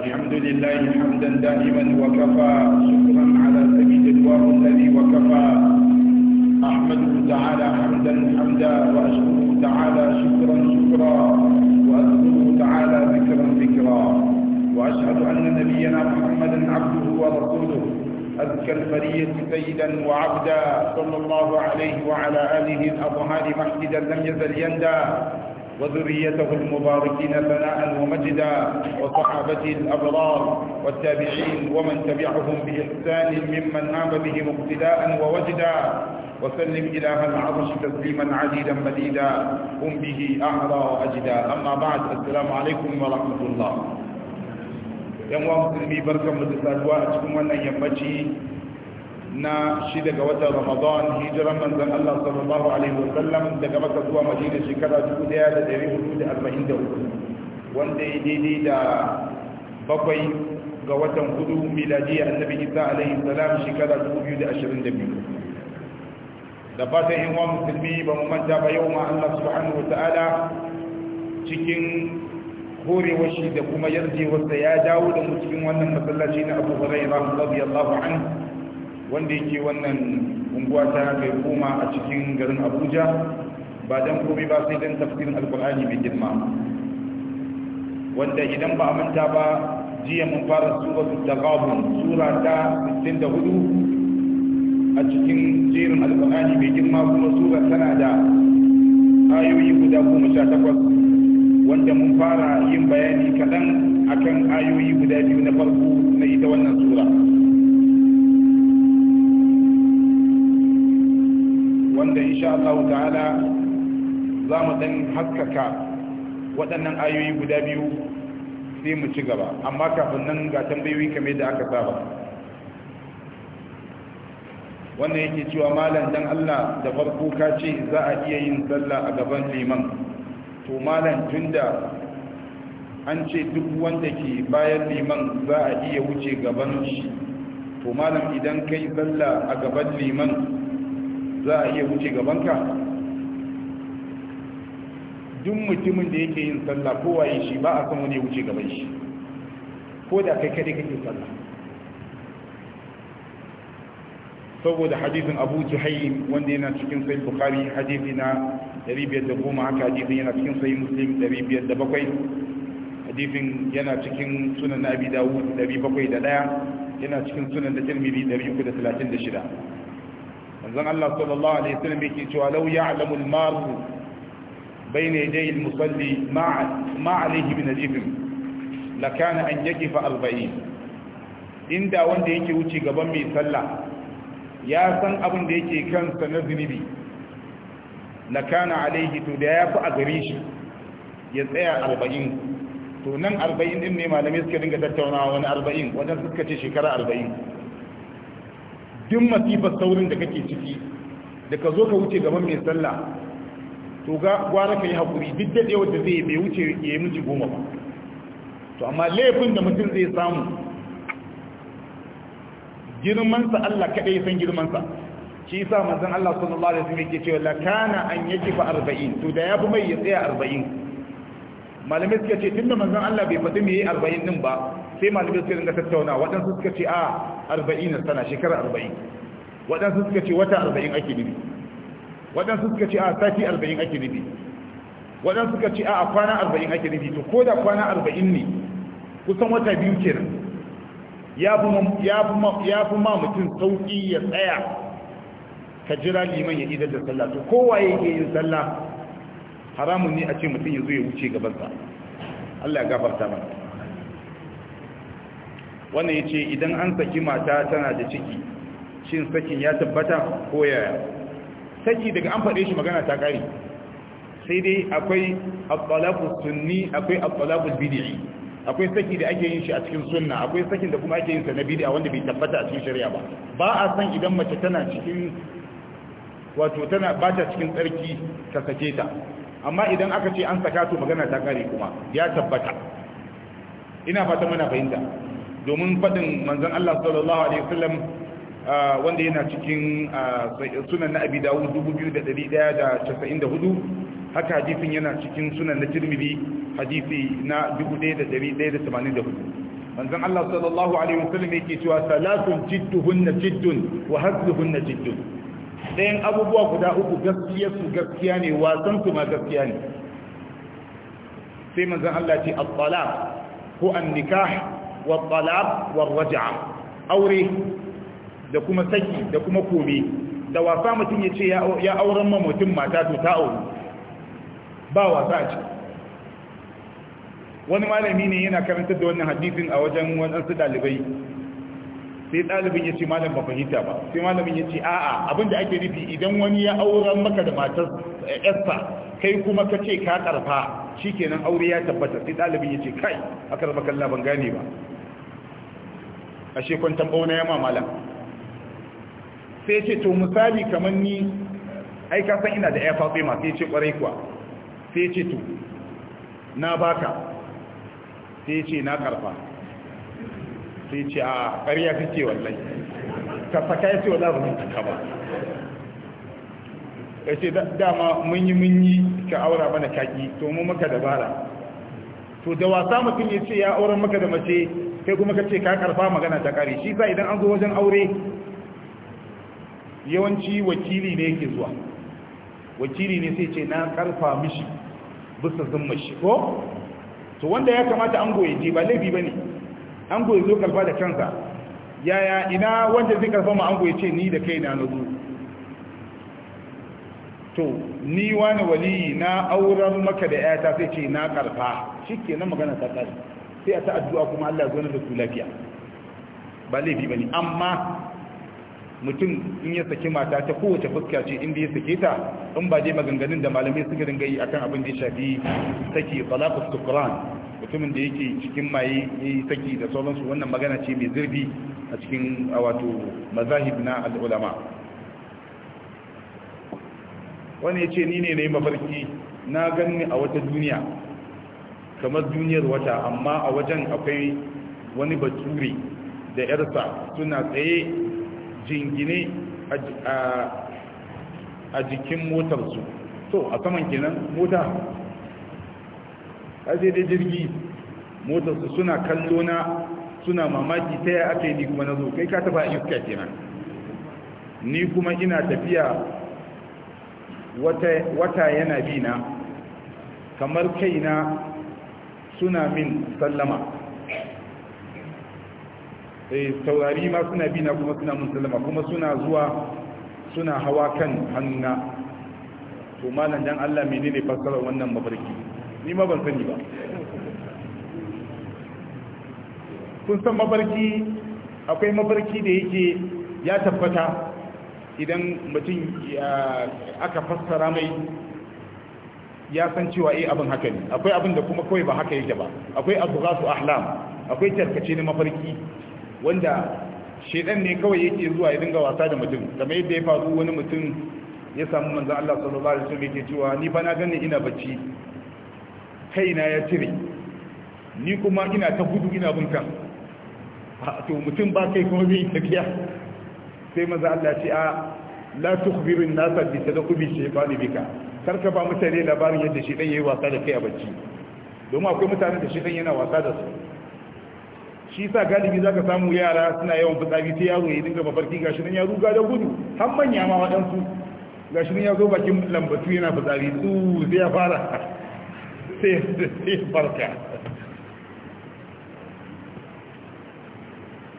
الحمد لله حمدا دائما وكفى شكرا على سبيل الوار الذي وكفى أحمده تعالى حمدا حمدا وأشكره تعالى شكرا شكرا وأذكره تعالى ذكرا ذكرا وأشهد أن نبينا محمدا عبده ورسوله أزكى البرية سيدا وعبدا صلى الله عليه وعلى آله الأطهار محددا لم يزل يندى وذريته المباركين ثناء ومجدا وصحابته الأبرار والتابعين ومن تبعهم بإحسان ممن نام بهم اقتداء ووجدا وسلم إله العرش تسليما عديدا مديدا هم به أعرى وأجدا أما بعد السلام عليكم ورحمة الله يا مسلمي بركة مدسات وأتكم أن يمجي na shi daga watan ramadan hijiran manzan Allah sallallahu alaihi wasallam daga maka zuwa madina shekara 1443 wanda ya daidai da bakwai ga watan hudu miladi miladiya annabi isa alaihi salam shekara 2022 da fatan yan uwa musulmi ba mu manta ba yau ma Allah subhanahu wa ta'ala cikin horewar shi da kuma yarjewarsa ya dawo da mu cikin wannan masallaci na Abu Hurairah radiyallahu anhu wanda yake wannan unguwa ta mai koma a cikin garin abuja ba don komai ba sai don tafsirin alkur'ani mai girma wanda idan ba a manta ba jiya mun fara sura su tagabun sura ta 64 a cikin jerin alkur'ani mai girma kuma sura tana da ayoyi guda goma sha takwas wanda mun fara yin bayani kaɗan akan ayoyi guda biyu na farko na ita wannan sura wanda insha Allah ta'ala za mu dan haskaka waɗannan ayoyi guda biyu sai mu ci gaba amma kafin nan ga tambayoyi kame da aka saba wanda yake cewa malam dan Allah da farko ka ce za a iya yin sallah a gaban liman to malam tunda an ce duk wanda ke bayan liman za a iya wuce gaban shi to malam idan kai sallah a gaban liman za a iya wuce gabanka duk mutumin da yake yin sallah ko waye shi ba a san wani ya wuce gaban shi ko da kai kadai kake sallah saboda hadisin abu juhaim wanda yana cikin sai bukari hadisi na 510 haka hadisin yana cikin sai muslim 507 hadisin yana cikin sunan na abi dawud 701 yana cikin sunan da tirmidhi 336 manzon Allah sallallahu alaihi wasallam yake cewa law ya'lamu al-maru bayna yaday al-musalli ma alayhi min al-ithm lakana an yakifa arba'in inda wanda yake wuce gaban mai sallah ya san abin da yake kansa na zunubi lakana alaihi to da ya fi a gare shi ya tsaya arba'in to nan arba'in din ne malamai suka dinga tattaunawa wani arba'in wajen suka ce shekara arba'in duk masifar saurin da kake ciki da ka zo ka wuce gaban mai sallah to ga gwara ka yi haƙuri duk ɗaya wadda zai bai wuce ya yi miji goma ba to amma laifin da mutum zai samu girmansa Allah kaɗai san girmansa shi sa manzon Allah da su mai ke cewa la kana an fa arba'in, to da ya fi mai ya tsaya arba'in. malamai suka ce tun da manzon Allah bai faɗi mai yi arba'in din ba sai malamai suka dinga tattauna waɗansu suka ce a arba'in na sana shekara arba'in waɗansu suka ce wata arba'in ake nufi waɗansu suka ce a sati arba'in ake nufi waɗansu suka ce a kwana arba'in ake nufi to ko da kwana arba'in ne kusan wata biyu kenan ya fi ma mutum sauƙi ya tsaya ka jira liman ya idar da sallah to kowa yake yin sallah haramun ne a ce mutum ya zo ya wuce gabansa Allah ya gafarta mana wannan ya ce idan an saki mata tana da ciki shin sakin ya tabbata ko yaya saki daga an faɗe shi magana ta ƙari sai dai akwai abdalabu sunni akwai abdalabu bid'i akwai saki da ake yin shi a cikin sunna akwai sakin da kuma ake yin sa na bid'a wanda bai tabbata a cikin shari'a ba ba a san idan mace tana cikin wato tana ba ta cikin tsarki ka sake ta amma idan aka ce an saka to magana ta kare kuma ya tabbata ina fata muna fahimta domin fadin manzon Allah sallallahu alaihi wasallam wanda yana cikin sunan na Abi Dawud 2194 haka hadisin yana cikin sunan na Tirmidhi hadisi na 1184 manzon Allah sallallahu alaihi wasallam yake cewa salatun jidduhunna jiddun wa hadduhunna jiddun ɗayan abubuwa guda uku gaskiya su gaskiya ne wasan su ma gaskiya ne sai manzan Allah ce al-talaq ko an-nikah wa talaq wa raj'a aure da kuma saki da kuma kome da wasa mutum ya ce ya auren ma mutum mata to ta aure ba wasa ce wani malami ne yana karantar da wannan hadisin a wajen wadansu dalibai sai ɗalibin ya ce malam ba fahimta ba sai malamin ya ce a'a da ake nufi idan wani ya auren maka da matar eh, yasta kai kuma ka ce ka karfa shikenan aure ya tabbata sai ɗalibin ya ce kai aka raba kalla ban gane ba ashe kwantan bauna yama malam sai ce to misali kamar ni ai ka san ina da ya fatsi ma sai ce kwarai kuwa sai ce to na baka sai ce na karfa sai ce a ƙarya kake wallai ka saka ya ce wallahi mun taka ba ya ce dama mun yi mun yi ka aura mana kaki to mu maka dabara to da wasa mutum ya ce ya auren maka da mace kai kuma ka ce ka karfa magana ta kare shi sa idan an zo wajen aure yawanci wakili ne yake zuwa wakili ne sai ce na karfa mishi bisa zumma shi ko to wanda ya kamata an goye je ba laifi bane ango ya zo karfa da kansa yaya ina wanda zai karfa ma ango ya ce ni da kai na nazo to ni wani wali na auren maka da yata sai ce na karfa shi ke na magana ta kari sai a ta addu'a kuma Allah zuwa da su lafiya ba laifi ba ne amma mutum in ya saki mata ta kowace fuska ce inda ya sake ta in ba je maganganun da malamai suka dinga yi akan abin da ya shafi take talaqus Quran. mutumin da yake cikin maye ya yi saki da sauransu wannan magana ce mai zurfi a cikin wato mazahib na al'ulama wani ya ce ni ne na yi mafarki na ganni a wata duniya kamar duniyar wata amma a wajen akwai wani bature da yarsa suna tsaye jingine a jikin motarsu to a saman kenan mota a sai dai jirgi motarsu suna kallo na suna mamaki ta ya aka yi ni kuma na zo kai ka taba iska kenan ni kuma ina tafiya wata yana bi na kamar kaina suna min sallama sai eh, taurari ma suna bi na kuma suna min sallama kuma suna zuwa suna hawa kan hannuna to malam dan Allah menene fassarar wannan mafarki ni ma ban sani ba kun san mafarki akwai mafarki da yake ya tabbata idan mutum aka fassara mai ya san cewa eh abin haka ne akwai abin da kuma kawai ba haka yake ba akwai su ahlam akwai tarkace na mafarki wanda shedan ne kawai yake zuwa ya dinga wasa da mutum kamar yadda ya faru wani mutum ya samu manzo Allah sallallahu alaihi wasallam yake cewa ni fa na gani ina bacci kaina ya cire ni kuma ina ta gudu ina bunka to mutum ba kai kuma bai tafiya sai maza Allah ce a la tukhbirin nasa bi tadakubi shaytani bika karka ba mutane labarin yadda shi dan yayi wasa da kai a bacci domin akwai mutanen da shi dan yana wasa da su shi sa galibi zaka samu yara suna yawan fitsari sai yaro ya dinga mafarki gashi nan ya ruga da gudu har manya ma wadansu gashi nan ya zo bakin lambatu yana fitsari su sai ya fara sai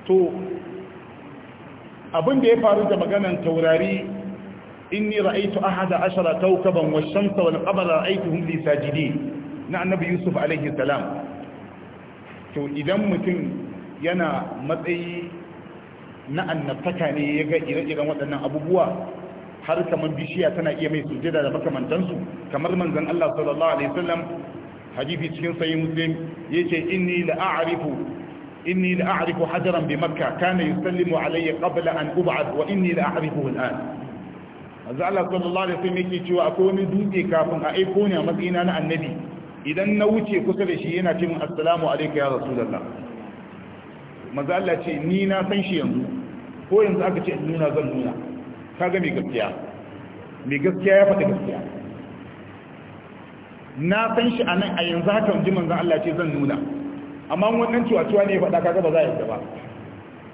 to abin da ya faru da maganan taurari inni ra'aytu ahada ashara kawkaban wash-shamsa wal-qamara ra'aytuhum li sajidin na annabi Yusuf alaihi salam to idan mutum yana matsayi na annabtaka ne ya ga ire-iren waɗannan abubuwa har kamar bishiya tana iya mai sujada da makamantansu kamar manzon Allah sallallahu alaihi wasallam hadisi cikin sahih muslim yace inni la a'rifu inni la a'rifu hajaran bi makkah kana yusallimu alayya qabla an ub'ath wa inni la a'rifuhu al'an manzon Allah sallallahu alaihi wasallam yake cewa akwai wani dutse kafin a aiko ni a matsayina na annabi idan na wuce kusa da shi yana ce min assalamu alayka ya rasulullah manzon Allah ce ni na san shi yanzu ko yanzu aka ce in nuna zan nuna kaga mai gaskiya mai gaskiya ya faɗi gaskiya na san shi a nan a yanzu haka ji manzan Allah ce zan nuna amma wannan ciwacewa ne ya faɗa kaga ba za a yarda ba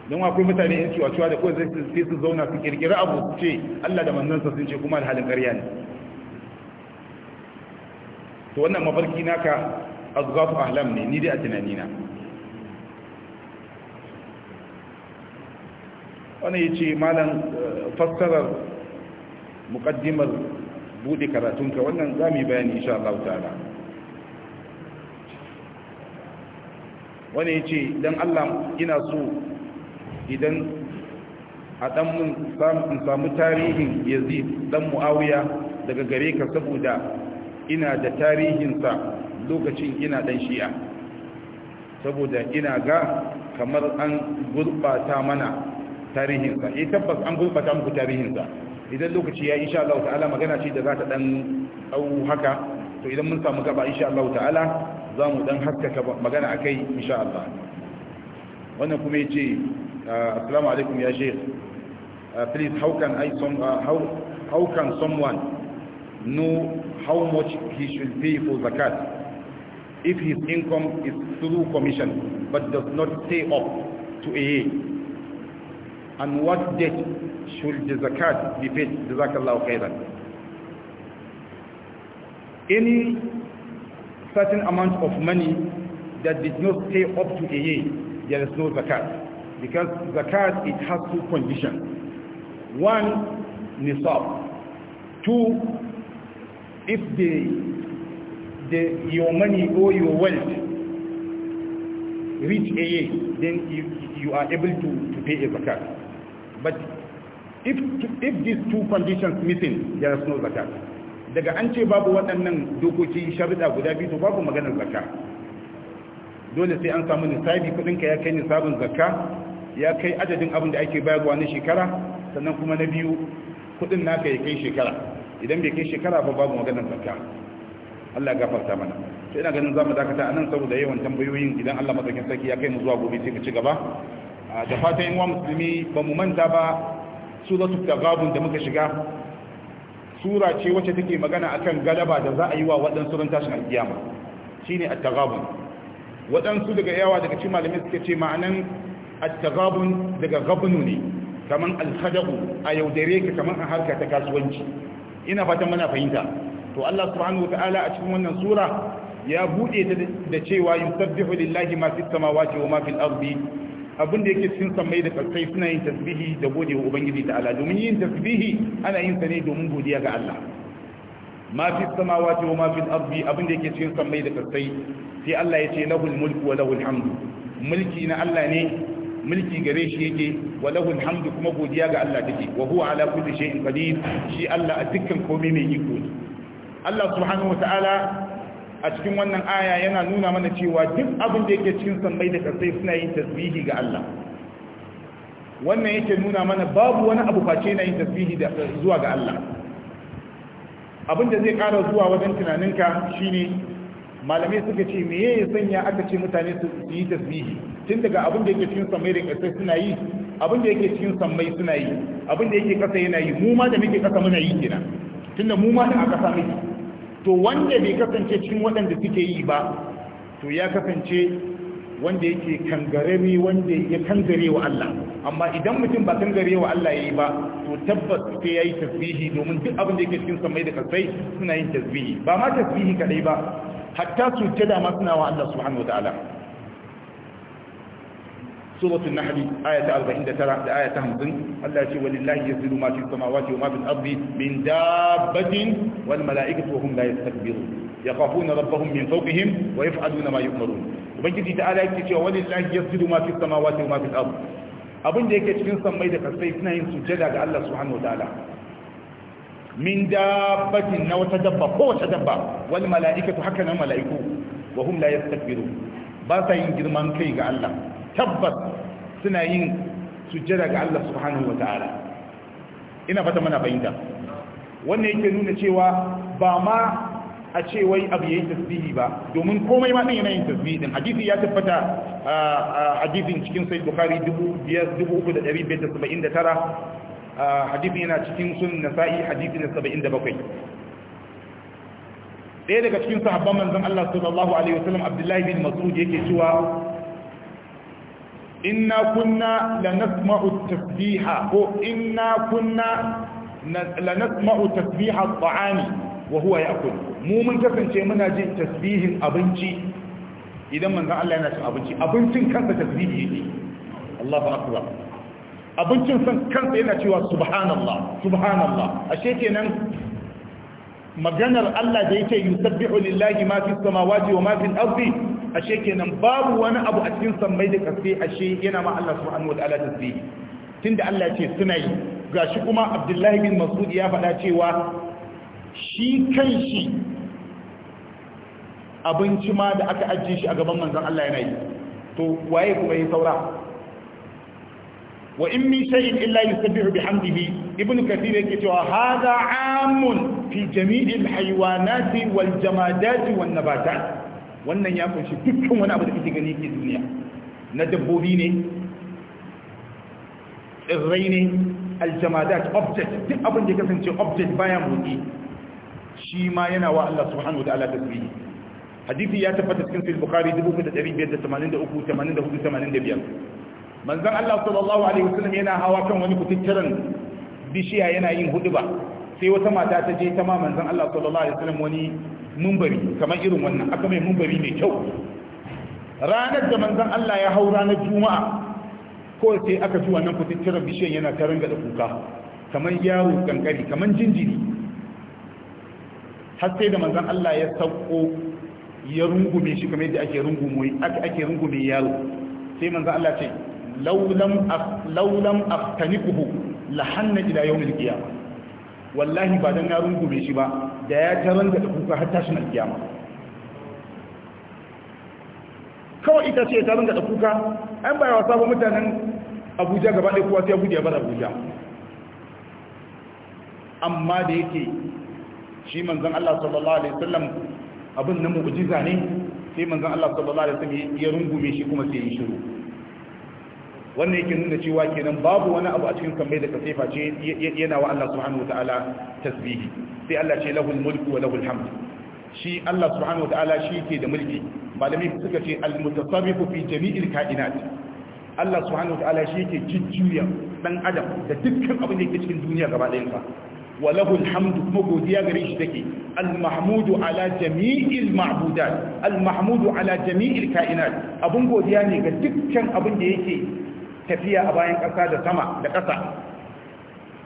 don akwai mutane yan ciwacewa da kawai sai su zauna su kirkiri abu su ce Allah da manzansa sun ce kuma alhalin ƙarya ne to wannan mafarki naka ku ahlam ne ni dai a tunanina wani ya ce malam eh, fassarar mukaddimar bude karatunka wannan za mu yi bayani insha Allah ta'ala wani ya ce idan Allah ina so idan a dan mun samu tarihin yazi dan muawiya daga gare ka saboda ina da tarihinsa lokacin ina dan shi'a saboda ina ga kamar an gurbata mana tarihinsa ya eh, tabbas an gulfata muku tarihinsa idan lokaci ya insha Allah ta'ala magana ce da za ta dan au haka to idan mun samu gaba insha Allah ta'ala za mu dan haskaka magana akai insha Allah wannan kuma yace ah, assalamu alaikum ya shek. Ah, please how can i some uh, ah, how how can someone know how much he should pay for zakat if his income is through commission but does not stay up to a year and what date should the zakat be paid jazakallahu khairan any certain amount of money that did not stay up to a year there is no zakat because zakat it has two conditions one nisab two if the the, your money or your wealth reach a year, then you, you are able to, to pay a zakat. but if if these two conditions missing there is no zakat daga an ce babu waɗannan dokoki sharida guda biyu to babu maganar zakka dole sai an samu nisabi kudinka ya kai nisabin zakka ya kai adadin abin da ake bayarwa na shekara sannan kuma na biyu kudin naka ya kai shekara idan bai kai shekara ba babu maganar zakka Allah gafarta mana sai ina ganin zamu dakata anan saboda yawan tambayoyin idan Allah madaukakin sarki ya kai mu zuwa gobe sai ka ci gaba da fatan yan musulmi ba mu manta ba suratu tagabun da muka shiga sura ce wacce take magana akan galaba da za a yi wa waɗansu ran tashin alkiyama shine at-tagabun waɗansu daga yawa daga cikin malamai suka ce ma'anan at-tagabun daga gabnu ne kaman al a yaudare ka kaman a harka ta kasuwanci ina fatan muna fahimta to Allah subhanahu ta'ala a cikin wannan sura ya buɗe ta da cewa yusabbihu lillahi ma fis samawati wa ma fil ardi abin da yake cikin sammai da kasai suna yin tasbihi da gode wa ubangiji ta'ala domin yin tasbihi ana yin sa ne domin godiya ga Allah ma fi samawati wa ma fi ardi abin da yake cikin sammai da kasai sai Allah ya ce lahul mulku wa lahul hamdu mulki na Allah ne mulki gare shi yake wa lahul hamdu kuma godiya ga Allah take wa huwa ala kulli shay'in qadir shi Allah a dukkan komai mai iko Allah subhanahu wa ta'ala a cikin wannan aya yana nuna mana cewa duk abin da yake cikin sammai da kasai suna yin tasbihi ga Allah wannan yake nuna mana babu wani abu face na yin tasbihi zuwa ga Allah abin da zai kara zuwa wajen tunaninka shine malamai suka ce me ya sanya aka ce mutane su yi tasbihi tun daga abin da yake cikin sammai da kasai suna yi abin da yake cikin sammai suna yi abin da yake kasa yana yi mu ma da muke kasa muna yi kenan tunda mu ma da a kasa muke to wanda bai kasance cikin waɗanda suke yi ba to ya kasance wanda yake kangarami wanda ya kangare wa Allah amma idan mutum ba kangare wa Allah yayi ba to tabbas sai yayi tasbihi domin duk abin da yake cikin samai da kasai suna yin tasbihi ba ma tasbihi kadai ba hatta su tada ma suna wa Allah subhanahu wataala suratul nahl aya ta 49 da aya ta 50 Allah ya ce walillahi yazidu ma fi samawati wa ma fil ardi min dabbatin wal mala'ikatu wa hum la yastakbirun يخافون ربهم من فوقهم ويفعلون ما يؤمرون وبنجي تعالى yake cewa walillahi yasjudu ma fi samawati wa ma fil ard abin da yake cikin sammai da kasai suna yin sujada ga Allah subhanahu wa ta'ala min dabbatin na wata dabba ko wata dabba wal mala'ikatu haka nan mala'iku wa hum la yastakbiru ba sa yin girman kai ga Allah tabbas suna yin sujjada ga Allah subhanahu Ta'ala. ina fata mana bayyana wannan yake nuna cewa ba ma a ce wai abu yayin tasbihi ba domin komai ma din yana yin tasbihi din hadisi ya tabbata hadisin cikin sahih bukhari 2579 hadisin yana cikin sunan nasa'i hadisin 77 ɗaya daga cikin sahabban manzon Allah sallallahu alaihi wasallam Abdullahi bin Mas'ud yake cewa inna kunna lanasma'u tasbiha ko inna kunna lanasma'u tasbiha at-ta'ami wa huwa ya'kul mu mun kasance muna jin tasbihin abinci idan manzon Allah yana cin abinci abincin kansa tasbihi yake Allahu akbar abincin san kansa yana cewa subhanallah subhanallah ashe kenan maganar Allah da yake yusabbihu lillahi ma fi samawati wa ma fi al-ardi ashe kenan babu wani abu a cikin sammai da kasai ashe yana ma Allah subhanahu wataala tasbihi tunda Allah ce suna yi gashi kuma Abdullahi bin Mas'ud ya faɗa cewa shi shi abinci ma da aka ajiye shi a gaban manzon Allah yana yi to waye kuma yi saura wa in min shay'in illa yusabbihu bihamdihi ibnu kathir yake cewa hadha amun fi jami'il hayawanati wal jamadati wan nabatat wannan ya kunshi dukkan wani abu da kake gani ke duniya na dabbobi ne tsirrai ne aljamadat object duk abin da ya kasance object baya motsi shi ma yana wa Allah subhanahu wataala tasbihi hadisi ya tabbata cikin sahih bukhari 3583 8485 manzon Allah sallallahu alaihi wasallam yana hawa kan wani kutittiran bishiya yana yin huduba sai wata mata ta je ta ma manzon Allah sallallahu alaihi wasallam wani mumbari kamar irin wannan aka mai mumbari mai kyau ranar da manzan Allah ya hau ranar juma'a ko sai aka ji wannan kututturar bishiyan yana ta rangada da kuka kamar yaro kankari kamar jinjiri har sai da manzan Allah ya sauko ya rungume shi kamar yadda ake rungume aka ake rungume yaro sai manzan Allah ce laulam af laulam aftanikuhu lahanna ila yawmil qiyamah wallahi ba dan na rungume shi ba da ya taron da kuka har tashin alkiyama kawai ita ce taron da kuka an bai wa sabon mutanen abuja gaba ɗaya kowa sai abuja ya bar abuja amma da yake shi manzon Allah sallallahu alaihi sallam abin nan mu'jiza ne sai manzon Allah sallallahu alaihi sallam ya rungume shi kuma sai ya shiru wannan yake nuna cewa kenan babu wani abu a cikin kamar da kasefa ce yana wa Allah subhanahu wataala tasbihi sai Allah ce lahul mulku wa lahul hamd shi Allah subhanahu wataala shi ke da mulki malami suka ce al mutasarrifu fi jami'il kainat Allah subhanahu wataala shi ke jujjuya dan adam da dukkan abin da yake cikin duniya gaba ɗayan sa wa lahul hamd kuma godiya gare shi take al mahmudu ala jami'il ma'budat al mahmudu ala jami'il kainat abun godiya ne ga dukkan abin da yake tafiya a bayan ƙasa da sama da ƙasa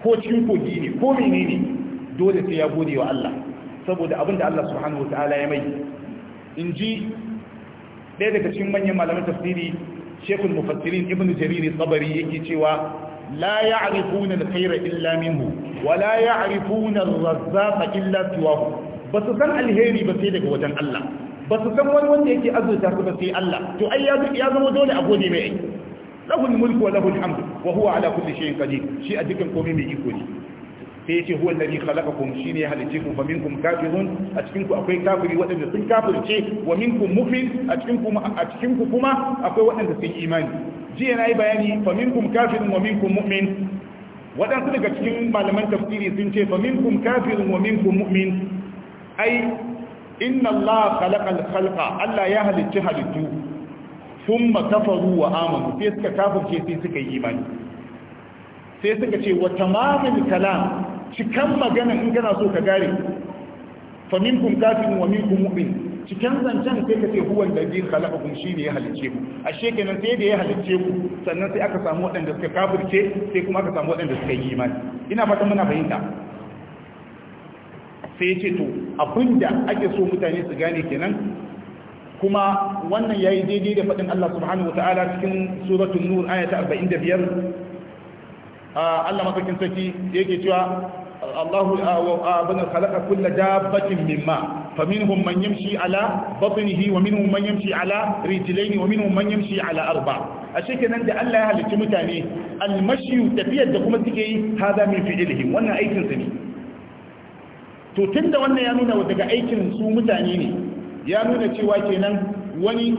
ko cin kogi ne ko menene ne dole sai ya gode wa Allah saboda abin da Allah subhanahu wa ta'ala ya mai in ji ɗaya daga cikin manyan malaman tafsiri shekul mufassirin ibn jarir tsabari yake cewa la ya'rifuna al-khayra illa minhu wa la ya'rifuna ar-razzaq illa ba su san alheri ba sai daga wajen Allah su san wani wanda yake azurta su ba sai Allah to ai ya zama dole a gode mai lahul mulku wa lahul hamd wa huwa ala kulli shay'in qadir shi a cikin komai mai iko ne sai yace huwa alladhi khalaqakum shine ya halice ku fa minkum kafirun a cikin ku akwai kafiri waɗanda sun kafirce wa minkum mu'min a cikin ku a cikin ku kuma akwai waɗanda sun imani jiya yi bayani fa minkum kafirun wa minkum mu'min waɗansu daga cikin malaman tafsiri sun ce fa minkum kafirun wa minkum mu'min ai inna Allah khalaqa al-khalqa Allah ya halicci halittu thumma kafaru wa amanu sai suka kafirce sai suka yi imani sai suka ce wa tamamul kalam cikan magana in kana so ka gare fa minkum kafin wa minkum mu'min cikin zancen sai ka ce huwan da zai halaka kun shi ne ya halice ku ashe kenan sai da ya halice ku sannan sai aka samu waɗanda suka kafirce sai kuma aka samu waɗanda suka yi imani ina fatan muna fahimta sai ce to abinda ake so mutane su gane kenan kuma wannan ya yi daidai da faɗin Allah subhanahu wata'ala cikin suratul nur aya ta 45 ah, Allah mafakin saki da yake cewa Allah ah, wa ah, bani khalaqa kulla dabbatin mimma faminhum man yamshi ala batnihi wa minhum man yamshi ala rijlaini wa minhum man yamshi ala arba a shike nan da Allah ya halicci mutane almashi tafiyar da kuma suke yi hada min fi'lihim wannan aikin ne to tunda wannan ya nuna daga aikin su mutane ne ya nuna cewa kenan wani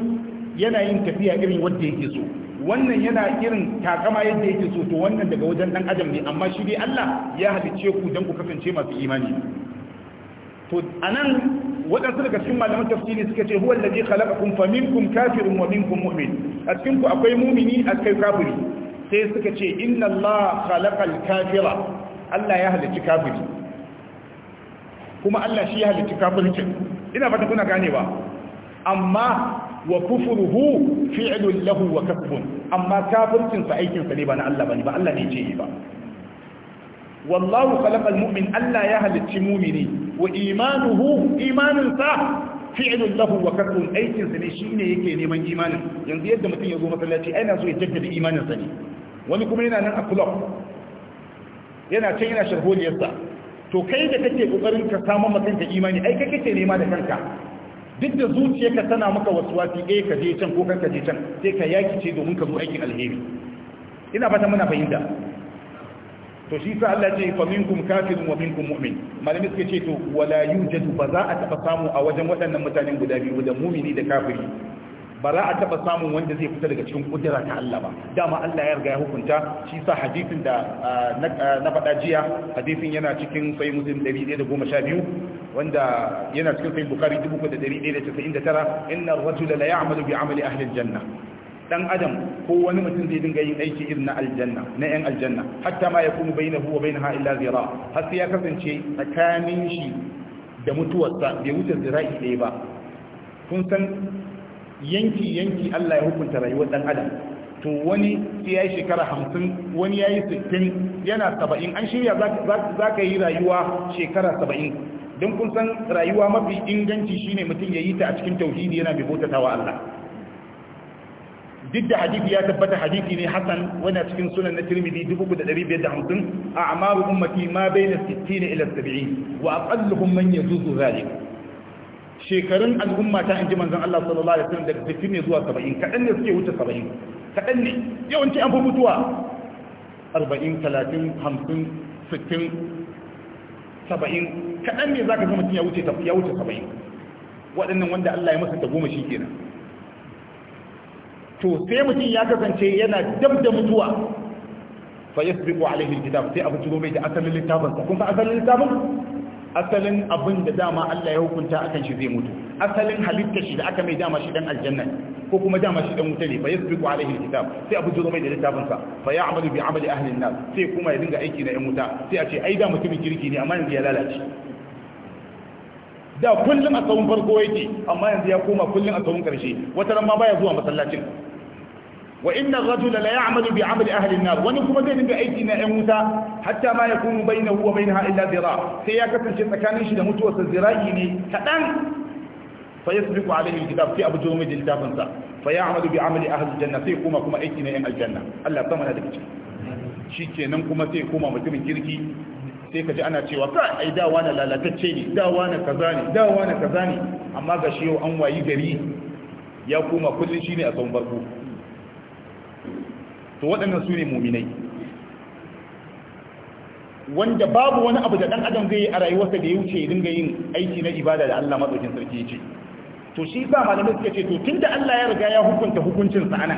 yana yin tafiya irin wanda yake so wannan yana irin takama yadda yake so to wannan daga wajen dan adam ne amma shi dai Allah ya halicce ku dan ku kasance masu imani to anan waɗansu daga cikin malaman tafsiri suka ce huwa allazi khalaqakum fa minkum kafirun wa minkum mu'min a cikin ku akwai mu'mini akwai kafiri sai suka ce inna Allah khalaqal kafira Allah ya halicci kafiri kuma Allah shi ya halitta kafircin ina fata kuna gane ba amma wa kufruhu fi'lun lahu wa kasbun amma kafircin sa aikin sa ne ba na Allah bane ba Allah ne ce yi ba wallahu khalaqal mu'min Allah ya halitta mu'mini wa imanuhu imanun sa fi'lun lahu wa kasbun aikin sa ne shine yake neman imanin yanzu yadda mutum ya zo masallaci ai na so ya jaddada imanin sa ne wani kuma yana nan a club yana can yana sharholiyarsa to kai da kake kokarin ka samu ma kanka imani ai kai kake nema da kanka duk da zuciyarka tana maka waswasi eh ka je can ko kanka je can sai ka yaki ce domin ka zo aikin alheri ina fata muna fahimta to shi sa Allah ce fa minkum kafirun wa minkum mu'min malami suke ce to wala yujadu ba za a taba samu a wajen waɗannan mutanen guda biyu da mu'mini da kafiri ba za a taba samun wanda zai fita daga cikin kudura ta Allah ba dama Allah ya riga ya hukunta shi sa hadisin da na faɗa jiya hadisin yana cikin sai muslim 112 wanda yana cikin sai bukari 3199 inna ar la ya'malu bi 'amali ahli janna dan adam ko wani mutum zai dinga yin aiki irin na aljanna na yan aljanna hatta ma yakunu bainahu wa bainaha illa zira har sai ya kasance tsakanin shi da mutuwarsa bai wuce zira'i ɗaya ba kun san yanki yanki Allah ya hukunta rayuwar dan adam to wani ya yi shekara hamsin wani ya yi sittin yana saba'in an shirya za ka yi rayuwa shekara saba'in don kun san rayuwa mafi inganci shine mutum ya yi ta a cikin tauhidi yana bai bautata Allah duk da hadisi ya tabbata hadisi ne hasan wani cikin sunan na tirmidhi hamsin a amaru ummati ma bai bayna 60 ila 70 wa aqalluhum man yazuzu zalik shekarun al'umma ta inji manzon Allah sallallahu alaihi wasallam daga tafi ne zuwa 70 Kaɗan ne suke wuce 70 Kaɗan ne yawanci an fi mutuwa 40 30 50 60 70 Kaɗan ne zaka ga mutum ya wuce ya wuce 70 waɗannan wanda Allah ya masa tagoma shi kenan to sai mutum ya kasance yana dab da mutuwa fa yasbiqu alaihi alkitab sai abu tugo mai da asalin littafin kun san asalin littafin asalin abin da dama Allah ya hukunta akan shi zai mutu asalin halitta shi da aka mai dama shi dan aljanna ko kuma dama shi dan wuta ne fa yasbiqu alaihi alkitab sai abu jiro mai da littafin sa fa ya'malu bi amali ahli an-nar sai kuma ya dinga aiki na yan wuta sai a ce ai da mutumin kirki ne amma yanzu ya lalace da kullum a tsawon farko yake amma yanzu ya koma kullum a tsawon karshe wata ran ma baya zuwa masallacin wa inna rajula la ya'malu bi 'amali ahli an-nar wani kuma zai dinga aiki na 'yan wuta hatta ma yakunu bainahu wa bainaha illa zira sai ya kasance tsakanin shi da mutuwarsa zira'i ne kadan fa yasbiqu alayhi al-kitab fi abu jumid al-kitabun sa fa ya'malu bi 'amali ahli al-janna sai kuma kuma aiki na 'yan aljanna Allah ta mana da kici shikenan kuma sai kuma mutumin kirki sai ka ji ana cewa ka ai dawa na lalatacce ne dawa na kaza ne dawa na kaza ne amma ga shi yau an wayi gari ya koma kullun shine a tsawon barko to waɗannan su ne muminai wanda babu wani abu da ɗan adam zai yi a rayuwarsa da ya wuce ya dinga yin aiki na ibada da Allah madaukin sarki ya ce to shi sa malamai suka ce to tunda Allah ya riga ya hukunta hukuncin sa ana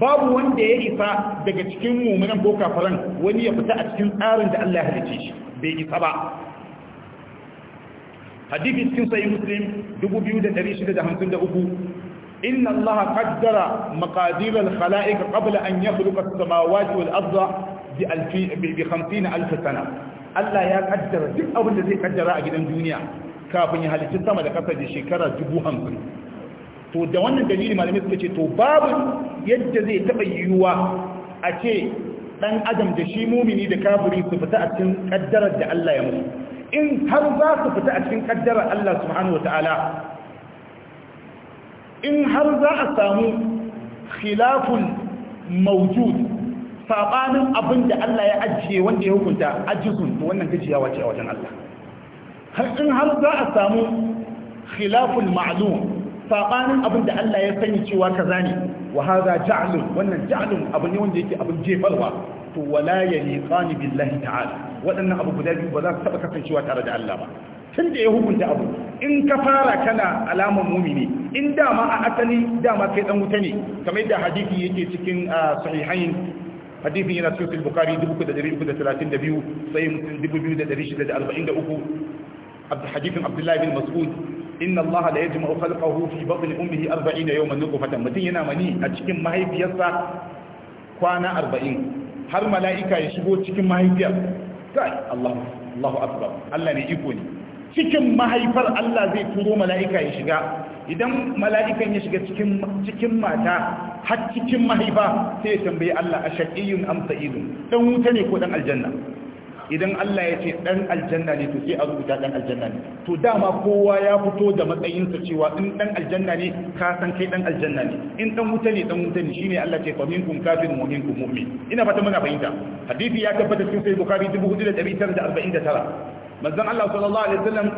babu wanda ya isa daga cikin muminan ko kafiran wani ya fita a cikin tsarin da Allah ya halice shi bai isa ba hadisi cikin muslim 2653 إن الله قدر مقادير الخلائق قبل أن يخلق السماوات والأرض بخمسين ألف سنة Allah ya kaddara duk abin da zai kaddara a gidan duniya kafin ya halicci sama da kasa da shekara dubu hamsin to da wannan dalili malamai suka ce to babu yadda zai taɓa yiwuwa a ce ɗan adam da shi mumini da kafiri su fita a cikin kaddarar da Allah ya musu in har za su fita a cikin kaddarar Allah subhanahu in har za a samu khilafun mawjud sabanin abin da Allah ya ajiye wanda ya hukunta ajizun to wannan gajiyawa ce a wajen Allah in har za a samu khilafun ma'lum sabanin abin da Allah ya sani cewa kaza ne wa hadha ja'lun wannan ja'lun abin ne wanda yake abin jefarwa to wala ya yaliqani billahi ta'ala waɗannan abu guda biyu ba za su taɓa kasancewa tare da Allah ba tun da ya hukunta abu in ka fara kana alaman mumini in dama a asali dama kai dan wuta ne kamar yadda hadisi yake cikin ah, sahihain hadisin yana cikin sahih bukhari 3332 sai muslim 2643 hadisin abdullahi bin mas'ud inna Allah la yajma'u khalqahu fi batni ummihi 40 yawman nutfatan mutun yana mani a cikin mahaifiyarsa kwana 40 har mala'ika ya shigo cikin mahaifiyar kai Allah Allahu akbar Allah ne iko ne cikin mahaifar Allah zai turo mala'ika ya shiga idan mala'ikan ya shiga cikin mata har cikin mahaifa sai ya tambayi Allah a ashaqiyyun amsa idun. Ɗan wuta ne ko ɗan aljanna idan Allah ya ce ɗan aljanna ne to sai a rubuta ɗan aljanna ne to dama kowa ya fito da matsayinsa cewa in dan aljanna ne ka san kai ɗan aljanna ne in ɗan wuta ne ɗan wuta ne shine Allah ce fa minkum kafirun wa minkum mu'min ina fata muna fahimta hadisi ya tabbata cikin sahih bukhari 4949 manzon Allah sallallahu alaihi wasallam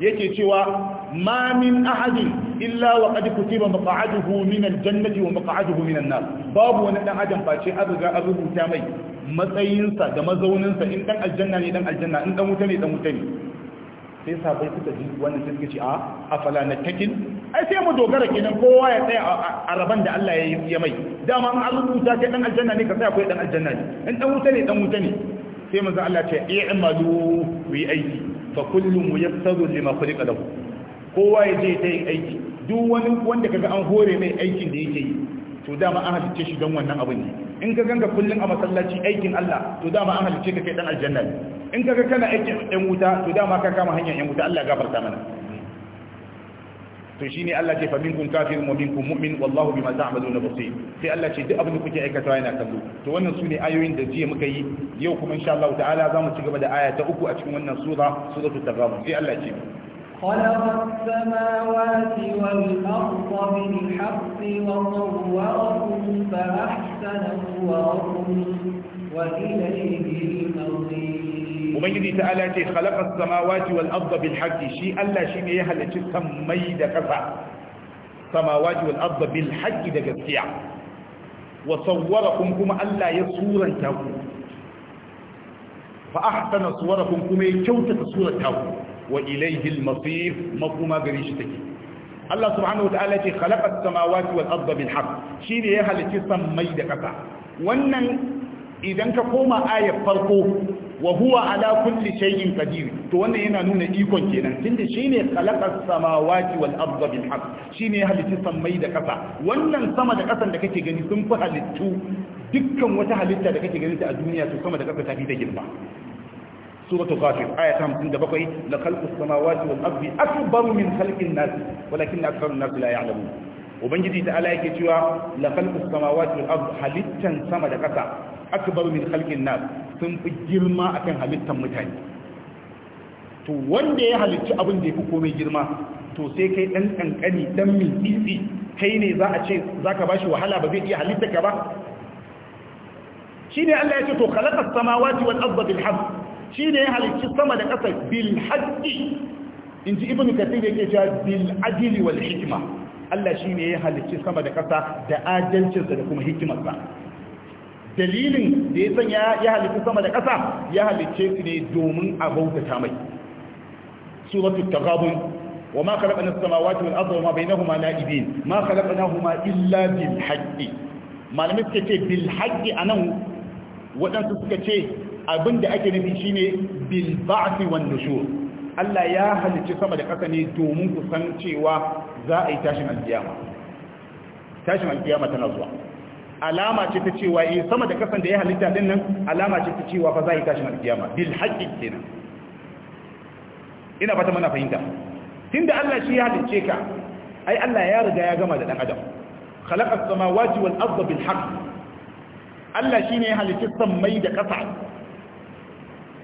yake cewa ma min ahadin illa wa qad kutiba maq'aduhu min al-jannati wa maq'aduhu min an-nar babu wani dan adam face an riga rubuta mai matsayinsa da mazauninsa in dan aljanna ne dan aljanna in dan wuta ne dan wuta ne sai sabai suka ji wannan sai suka a afala natakin ai sai mu dogara kenan kowa ya tsaya a raban da Allah ya yi ya mai dama an rubuta kai dan aljanna ne ka tsaya kai dan aljanna ne in dan wuta ne dan wuta ne sai manzo Allah ya ce i'malu wi aiki fa mu muyassaru lima khuliqa lahu kowa ya je ta yin aiki duk wani wanda kaga an hore mai aikin da yake yi to dama an halicce shi don wannan abin ne in ka ganga kullun a masallaci aikin Allah to dama an halicce ka kai dan aljanna in kaga kana aikin yan wuta to dama ka kama hanyar yan wuta Allah ya gafarta mana تشيني الله كيف منكم كافر ومنكم مؤمن والله بما تعملون بصير في الله شيء دي ابنك جاي كتاينا كلو تو wannan sune ayoyin da jiya muka yi yau kuma insha Allah ta'ala za mu ci gaba da aya ta uku a cikin خلق السماوات والأرض بالحق وصوركم فأحسن وربكم وإليه المصير ubangiji ta ala ce khalaqa samawati wal arda bil haqqi shi Allah shi ne ya halacci sammai da kasa samawati wal arda bil haqqi da gaskiya wa sawwarakum kuma Allah ya suranta ku fa ahsana suwarakum kuma ya kyautata suranta ku wa ilayhi al masir makuma gari shi take Allah subhanahu wa ta'ala ce khalaqa samawati wal arda bil shi ne ya halacci sammai da kasa wannan idan ka koma ayar farko wa huwa ala kulli shay'in qadir to wannan yana nuna ikon kenan tunda shine khalaqas samawati wal arda bil haqq shine halitta samai da kasa wannan sama da kasan da kake gani sun fi halittu dukkan wata halitta da kake ganin ta a duniya to sama da kasa ta fi ta girma سورة غافر آية 57 لخلق walakin والأرض أكبر من خلق الناس ولكن أكثر الناس لا يعلمون وبنجدي تعالى يكتوى لخلق السماوات halittan sama da دكتا akbar min khalqin nas sun fi girma akan halittar mutane to wanda ya halicci abin da fi komai girma to sai kai dan kankani dan min tsitsi kai ne za a ce zaka bashi wahala ba zai iya halitta ka ba shine Allah ya ce to khalaqas samawati wal arda bil haqq shine ya halicci sama da ƙasa bil haqqi inji ibnu kathir yake cewa bil adli wal hikma Allah shine ya halicci sama da ƙasa da adalcinsa da kuma hikimarsa dalilin da ya sanya ya halitta sama da ƙasa ya halicce su ne domin a bautata mai suratul taghabun وما خلقنا السماوات والأرض وما بينهما لائبين ما خلقناهما إلا بالحق ما لم يسكتي بالحق أنا وأن تسكتي أبند أكن بشيني بالبعث والنشور Allah ya halicci sama da ƙasa ne domin ku san cewa za a yi tashin alkiyama tashin alkiyama tana zuwa alama ce ta cewa eh sama da kasan da ya halitta din nan alama ce ta cewa fa za a yi tashin alkiyama bil haqqi kenan ina fata mana fahimta Tun da Allah shi ya halicce ka ai Allah ya riga ya gama da ɗan adam khalaqa samawati wal arda bil haqq Allah shine ya halicci sammai da ƙasa.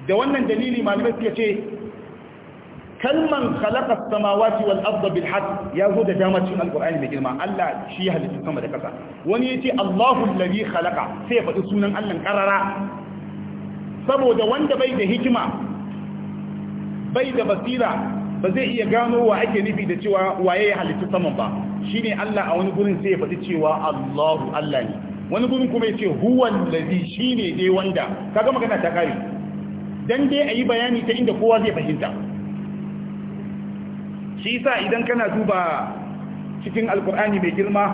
da wannan dalili malamai suka ce kalman khalaqa samawati wal arda bil haqq ya zo da dama cikin alqur'ani mai girma Allah shi ya halitta sama da kasa wani yace Allahu allazi khalaqa sai ya faɗi sunan Allah karara saboda wanda bai da hikima bai da basira ba zai iya gano wa ake nufi da cewa waye ya halitta saman ba shine Allah a wani gurin sai ya faɗi cewa Allahu Allah ne wani gurin kuma yace huwa allazi shine dai wanda kaga magana ta kare dan dai ayi bayani ta inda kowa zai fahimta shi idan kana duba cikin alkur'ani mai girma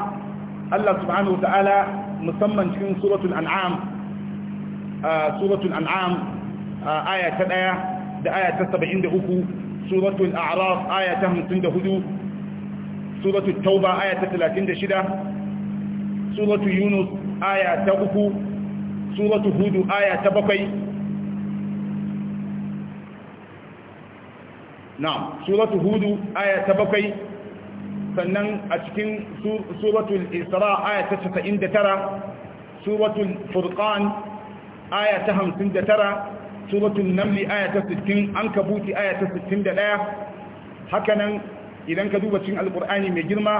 Allah subhanahu ta'ala musamman cikin suratul an'am suratul an'am aya ta 1 da aya ta 73 suratul a'raf aya ta 54 suratul tauba aya ta 36 suratul yunus aya ta 3 suratul hud aya ta 7 na'am suratu hudu aya ta bakwai sannan a cikin suratul isra aya ta 99 suratul furqan aya ta 59 suratul naml aya ta 60 ankabuti aya ta 61 haka nan idan ka duba cikin alqur'ani mai girma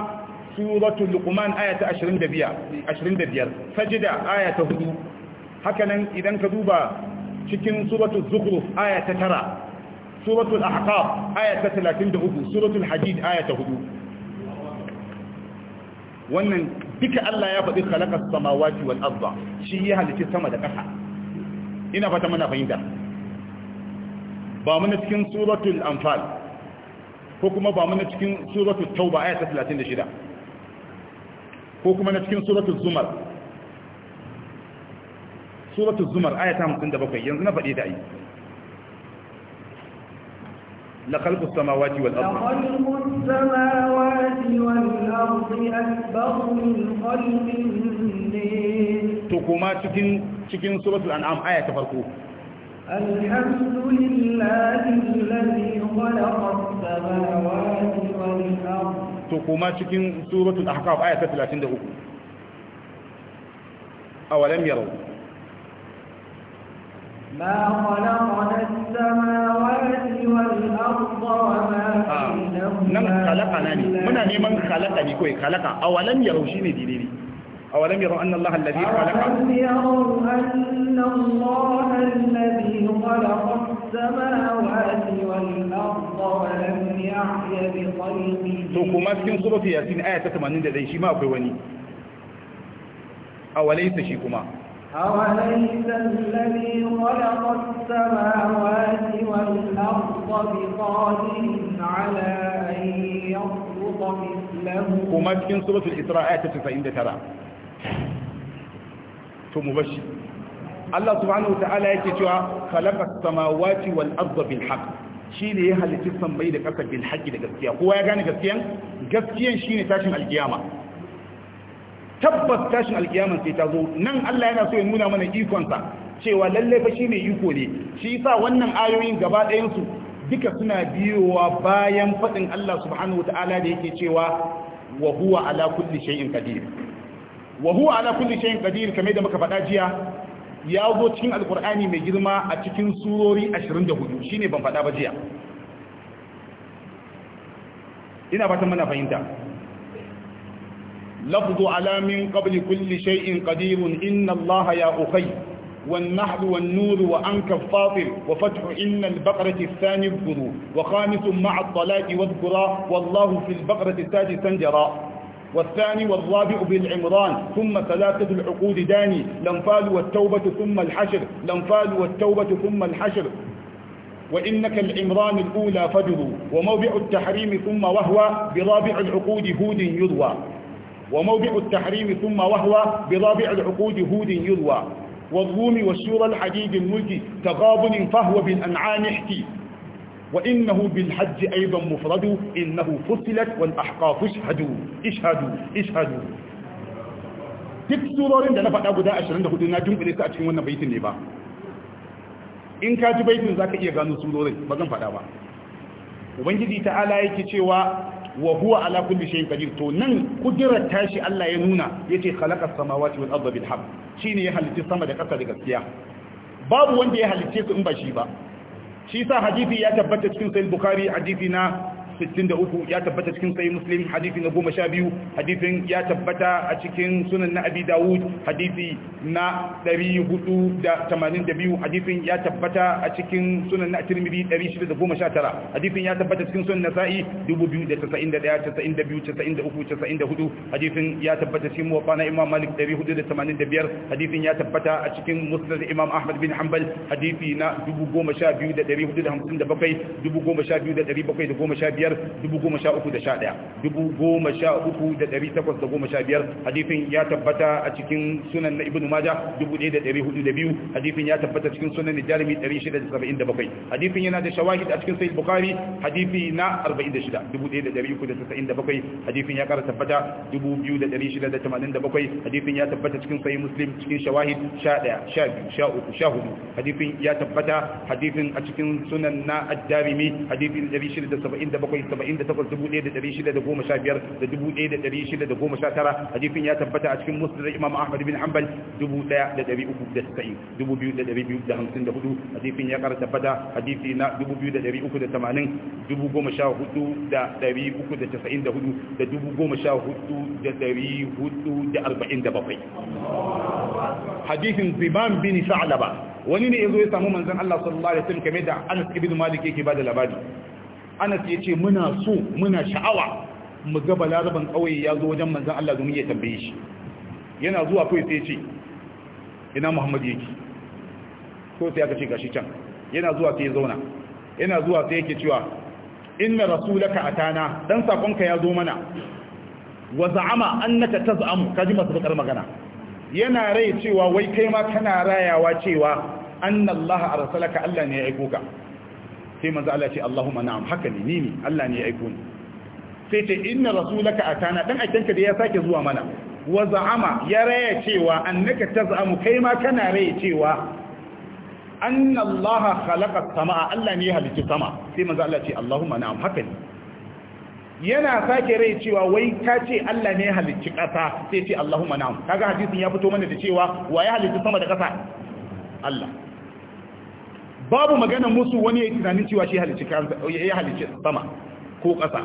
suratul luqman aya ta 25 25 sajda aya ta 4 haka nan idan ka duba cikin suratul zukhruf aya ta 9 suratul ahqaf aya ta 33 suratul hadid aya ta 4 wannan duka Allah ya faɗi khalaqas samawati wal arda shi ya halice sama da ƙasa ina fata muna fahimta ba mu cikin suratul anfal ko kuma ba mu cikin suratul tauba aya ta ko kuma na cikin suratul zumar 57 yanzu na faɗi na kalbu sama waji wal abu to kuma cikin cikin suratul an'am aya ta farko alhamdulillahi alladhi khalaqa as-samawati wal ardh to kuma cikin suratul ahqaf aya ta 33 awalam yarawu ما خلقنا السماوات والأرض وما بينهما نعم خلقنا منا نيمان خلقني كوي خلق أولم يروا شيني ديني أولم يروا أن الله الذي خلق أولم يروا أن الله الذي خلق السماوات والأرض ولم يعي بخلقه تقوم أسكن صورة ياسين آية 80 لدي شما أكواني أوليس شيكما أوليس الذي خلق السماوات والأرض بقادر على أن يخلق مثله كما في سورة الإسراء آية فإن ذكرها ثم بشر الله سبحانه وتعالى يتشوى خلق السماوات والأرض بالحق شيني هي هل تسمى إذا كسر بالحق لقصتيا هو يغاني قصتيا قصتيا شيني تاشم القيامة tabbas tashin alkiyama sai ta zo nan Allah yana so ya nuna mana ikonsa cewa lalle fa shi ne iko ne shi yasa wannan ayoyin gaba ɗayan su duka suna biyowa bayan faɗin Allah subhanahu wataala da yake cewa wa huwa ala kulli shay'in qadir wa huwa ala kulli shay'in qadir kamar da muka faɗa jiya ya zo cikin alkur'ani mai girma a cikin surori 24 shine ban faɗa ba jiya ina fatan muna fahimta لفظ على من قبل كل شيء قدير إن الله يا أخي والنحل والنور وأنك الفاطر وفتح إن البقرة الثاني اذكروا وخامس مع الطلاق واذكرا والله في البقرة السادسا جرا والثاني والرابع بالعمران ثم ثلاثة العقود داني لنفال والتوبة ثم الحشر لنفال والتوبة ثم الحشر وإنك العمران الأولى فجر وموضع التحريم ثم وهو برابع العقود هود يروى وموضع التحريم ثم وهو بضابع العقود هود يروى والروم والشورى الحديد الملك تغابن فهو بالأنعام احتي وإنه بالحج أيضا مفرد إنه فصلت والأحقاف اشهدوا اشهدوا اشهدوا duk surorin da na faɗa guda 24 na dunkule su a cikin wannan baitin ne ba in ka ji baitin za ka iya gano surorin ba zan faɗa ba ubangiji ta'ala yake cewa wa huwa ala kulli shay'in qadir to nan kudirar tashi Allah ya nuna yace khalaqa samawati wal arda bil haqq shine ya halitta sama da ƙasa da gaskiya babu wanda ya halitta su in ba shi ba shi sa hadisi ya tabbata cikin sahih bukhari hadisi na 63 ya tabbata cikin sahih muslim hadisi na 12 ya tabbata a cikin sunan na abi dawud hadithi na 482 hadisin ya tabbata a cikin sunan na tirmidhi 619 hadisin ya tabbata cikin sunan nasa'i 2291 92 93 94 hadisin ya tabbata cikin muwatta na imam malik 485 hadisin ya tabbata a cikin musnad imam ahmad bin hanbal hadithi na 12457 12715 biyar dubu goma sha uku da sha ɗaya dubu goma sha uku da ɗari takwas da goma sha biyar hadifin ya tabbata a cikin sunan na ibnu maja dubu ɗaya da ɗari hudu da biyu hadifin ya tabbata cikin sunan na jarumi ɗari shida da saba'in da bakwai hadifin yana da shawahid a cikin Sayyid bukhari hadifi na arba'in da shida dubu ɗaya da ɗari uku da tasa'in da bakwai hadifin ya ƙara tabbata dubu biyu da ɗari shida da tamanin da bakwai hadifin ya tabbata cikin sahih muslim cikin shawahid sha ɗaya sha biyu sha uku sha hudu hadifin ya tabbata hadifin a cikin sunan na ad-darimi hadifin ɗari shida da saba'in da bakwai 1615 da 1619 ya tabbata a cikin da Imam Ahmad bin Hanbal 1390 2254 hadisin ya kara tabbata hadisi na 2380 14394 da 14447 hadisin Zimam bin Sa'laba wani ne zo ya samu manzon Allah sallallahu alaihi wasallam kamar da Anas ibn Malik yake bada labari anas ya ce muna so muna sha'awa mu ga balaraban ƙauye ya zo wajen manzan Allah domin ya tambaye shi yana zuwa kawai sai ce ina muhammad yake ko sai aka ce gashi can yana zuwa sai ya zauna yana zuwa sai yake cewa inna rasulaka atana dan sakonka ya zo mana wa za'ama annaka taz'amu kaji masu bakar magana yana rai cewa wai kai ma kana rayawa cewa annallaha arsalaka Allah ne ya aiko ka sai manzo Allah ce Allahumma na'am haka ne ni ne Allah ne ya aiko ni sai ce inna rasulaka atana dan aikanka da ya sake zuwa mana wa za'ama ya raya cewa annaka taz'amu kai ma kana raya cewa anna Allah khalaqa samaa Allah ne ya halicci sama sai manzo Allah ce Allahumma na'am haka ne yana sake rai cewa wai ka ce Allah ne ya halicci ƙasa sai ce Allahumma na'am kaga hadisin ya fito mana da cewa wa ya halicci sama da ƙasa Allah babu magana musu wani ya tunanin cewa shi ya halicci sama ko ƙasa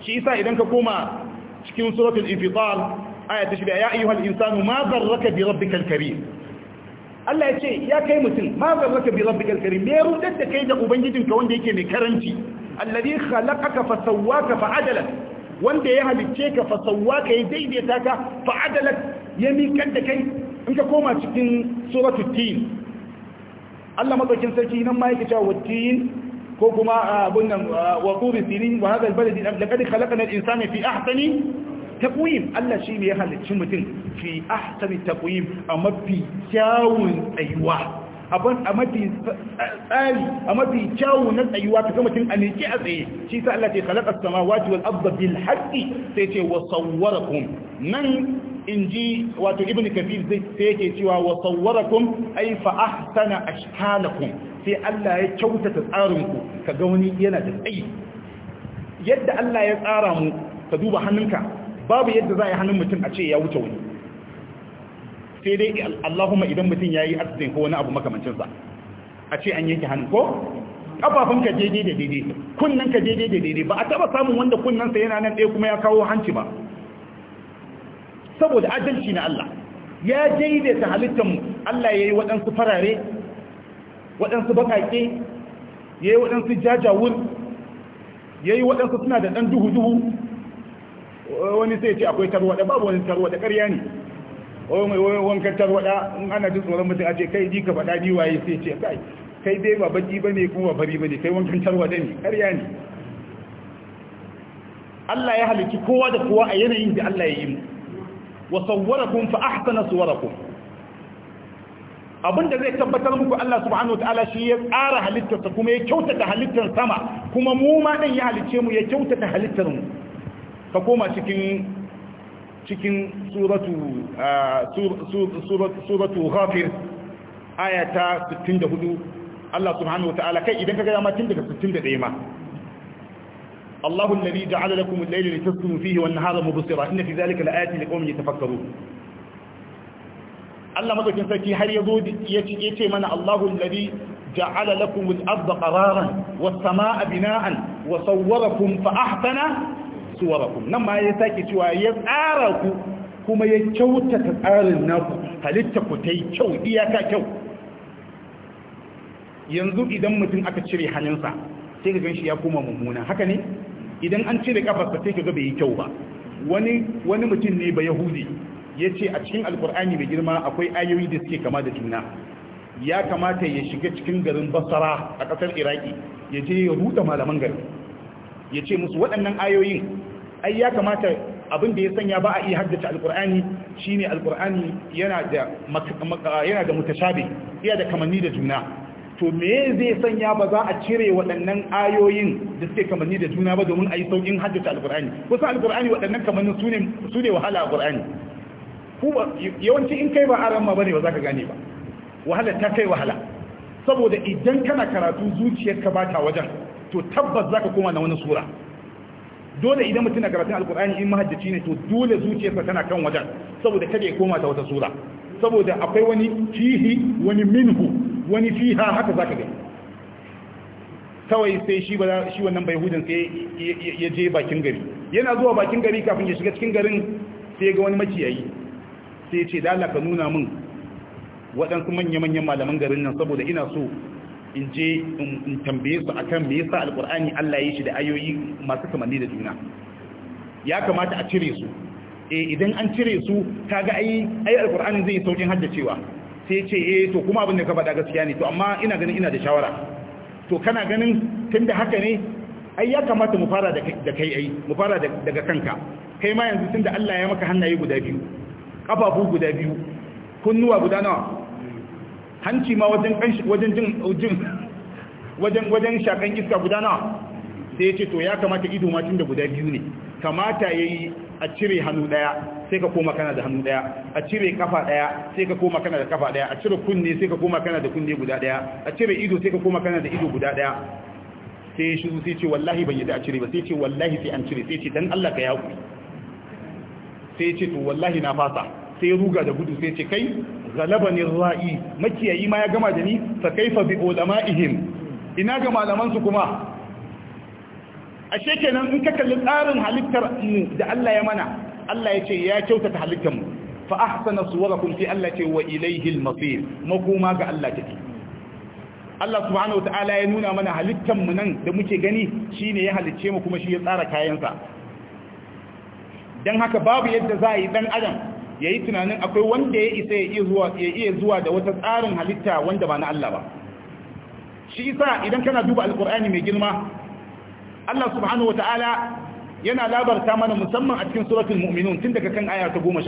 shi isa idan ka koma cikin suratul infital aya ta shida ya ayyuhal insanu ma zarraka bi rabbikal karim Allah ya ce ya kai mutum ma zarraka bi rabbikal karim me rudar da kai da ubangijinka wanda yake mai karanci alladhi khalaqaka fa sawwaka fa adalak wanda ya halicce ka fa sawwaka ya daidaita ka fa adalak ya mikan da kai in ka koma cikin suratul tin Allah madaukin sarki nan ma yake cewa wattin ko kuma ah, abun nan ah, wa tubi sinin wa hadha albalad laqad khalaqna al-insana fi ahsani taqwim Allah shi ne ya halicci mutum fi ahsani taqwim a mafi kyawun tsayuwa abin a mafi ah, tsari a mafi kyawu tsayuwa ta kama tun a neke a tsaye shi sa Allah ce khalaqa samawati wal arda bil haqqi sai ce wa sawwarakum nan in ji wato ibn kafir zai yake cewa wa sawwarakum ay fa ahsana ashkalakum sai Allah ya kyautata tsarin ku kaga wani yana da tsayi yadda Allah ya tsara mu ka duba hannunka babu yadda za a yi hannun mutum a ce ya wuce wani sai dai Allahumma idan mutum yayi accident ko wani abu makamancin sa a ce an yanke hannu ko kafafunka daidai da daidai kunnanka daidai da daidai ba a taba samun wanda kunnansa yana nan ɗaya kuma ya kawo hanci ba saboda adalci na Allah ya daidaita halittanmu Allah ya yi waɗansu farare waɗansu baƙaƙe ya yi waɗansu jajawun ya yi waɗansu suna da ɗan duhu-duhu wani sai ce akwai tarwaɗa babu wani tarwaɗa ƙarya ne wankan tarwaɗa in ana jin tsoron mutum a ce kai ji ka faɗa ni waye sai ce kai kai dai ba baki ba ne kuma bari ba ne kai wankan tarwaɗa ne ƙarya ne Allah ya halicci kowa da kowa a yanayin da Allah ya yi mu wa sawwarakum fa ahsana suwarakum abinda zai tabbatar muku Allah subhanahu wataala shi ya tsara halittarsa kuma ya kyautata halittar sama kuma mu ma din ya halice mu ya kyautata halittar mu ka koma cikin cikin suratu suratu suratu ghafir aya ta 64 Allah subhanahu wataala kai idan kaga ga ma tun daga 61 ma الله الذي جعل لكم الليل لتسكنوا فيه والنهار مبصرا إن في ذلك لآيات لقوم يتفكرون الله مدوكين سكي هل يزود يتي من الله الذي جعل لكم الأرض قرارا والسماء بناء وصوركم فأحسن صوركم نما يساكي شوى يزعاركم كما يتشوت تتعار الناس هل تكتي شو إياكا شو yanzu idan mutum aka cire hannunsa sai ka ganshi ya koma mummuna haka ne idan an cire kafarsa sai kaga bai yi kyau ba wani wani mutum ne ba yahudi yace a cikin alkur'ani mai girma akwai ayoyi da suke kama da juna ya kamata ya shiga cikin garin basara a ƙasar iraki ya je ya huta malaman gari ya ce musu waɗannan ayoyin ai ya kamata abin da ya sanya ba a iya haddace alkur'ani shine alkur'ani yana yana da mutashabi iya da kamanni da juna to me zai sanya ba za a cire waɗannan ayoyin da suke kamanni da juna ba domin a yi sauƙin hajjata alƙur'ani Kusa alƙur'ani waɗannan kamanni su ne wahala a alƙur'ani yawanci in kai ba aran ma ne ba za ka gane ba wahala ta kai wahala saboda idan kana karatu zuciyarka ba ta wajen to tabbas za ka koma na wani sura dole idan mutum na karatun Alƙur'ani in mahajjaci ne to dole zuciyarsa tana kan wajen saboda kada ya koma ta wata sura saboda akwai wani fihi wani minhu wani fiha haka za ka gani kawai sai shi ba wannan bai hudun sai ya je bakin gari yana zuwa bakin gari kafin ya shiga cikin garin sai ga wani maciyayi sai ya ce da ka nuna min waɗansu manya-manyan malaman garin nan saboda ina so in je in tambaye su akan me yasa alkur'ani Allah ya shi da ayoyi masu kamanni da juna ya kamata a cire su eh idan an cire su kaga ai ai alkur'ani zai yi saukin haddacewa sai ce eh to kuma abin da ka faɗa gaskiya ne to amma ina ganin ina da shawara to kana ganin tunda haka ne ai ya kamata mu fara da kai ai mu fara daga kanka kai ma yanzu tunda Allah ya maka hannaye guda biyu kafafu guda biyu kunnuwa guda nawa hanci ma wajen kanshi wajen jin jin wajen wajen shakan iska guda nawa sai ya ce to ya kamata ido ma tunda guda biyu ne kamata yayi a cire hannu daya sai ka koma kana da hannu daya a cire kafa daya sai ka koma kana da kafa daya a cire kunne sai ka koma kana da kunne guda daya a cire ido sai ka koma kana da ido guda daya sai shi sai ce wallahi ban yadda a cire ba sai ce wallahi sai an cire sai ce dan Allah ka yaku sai ce to wallahi na fasa sai ruga da gudu sai ce kai galabani ra'i makiyayi ma ya gama da ni fa kaifa bi ulama'ihim ina ga malaman su kuma ashe kenan in ka kalli tsarin halittar da Allah ya mana Allah ya ce ya kyautata halittar mu fa ahsana suwarakum fi Allah ce wa ilayhi al-masir makoma ga Allah take Allah subhanahu wataala ya nuna mana halittar mu nan da muke gani shine ya halicce mu kuma shi ya tsara kayansa dan haka babu yadda za a yi dan adam yayi tunanin akwai wanda ya isa ya iya zuwa ya iya zuwa da wata tsarin halitta wanda ba na Allah ba shi isa idan kana duba alqur'ani mai girma Allah subhanahu wataala yana labarta mana musamman a cikin suratul mu'minun tun daga kan aya ta 11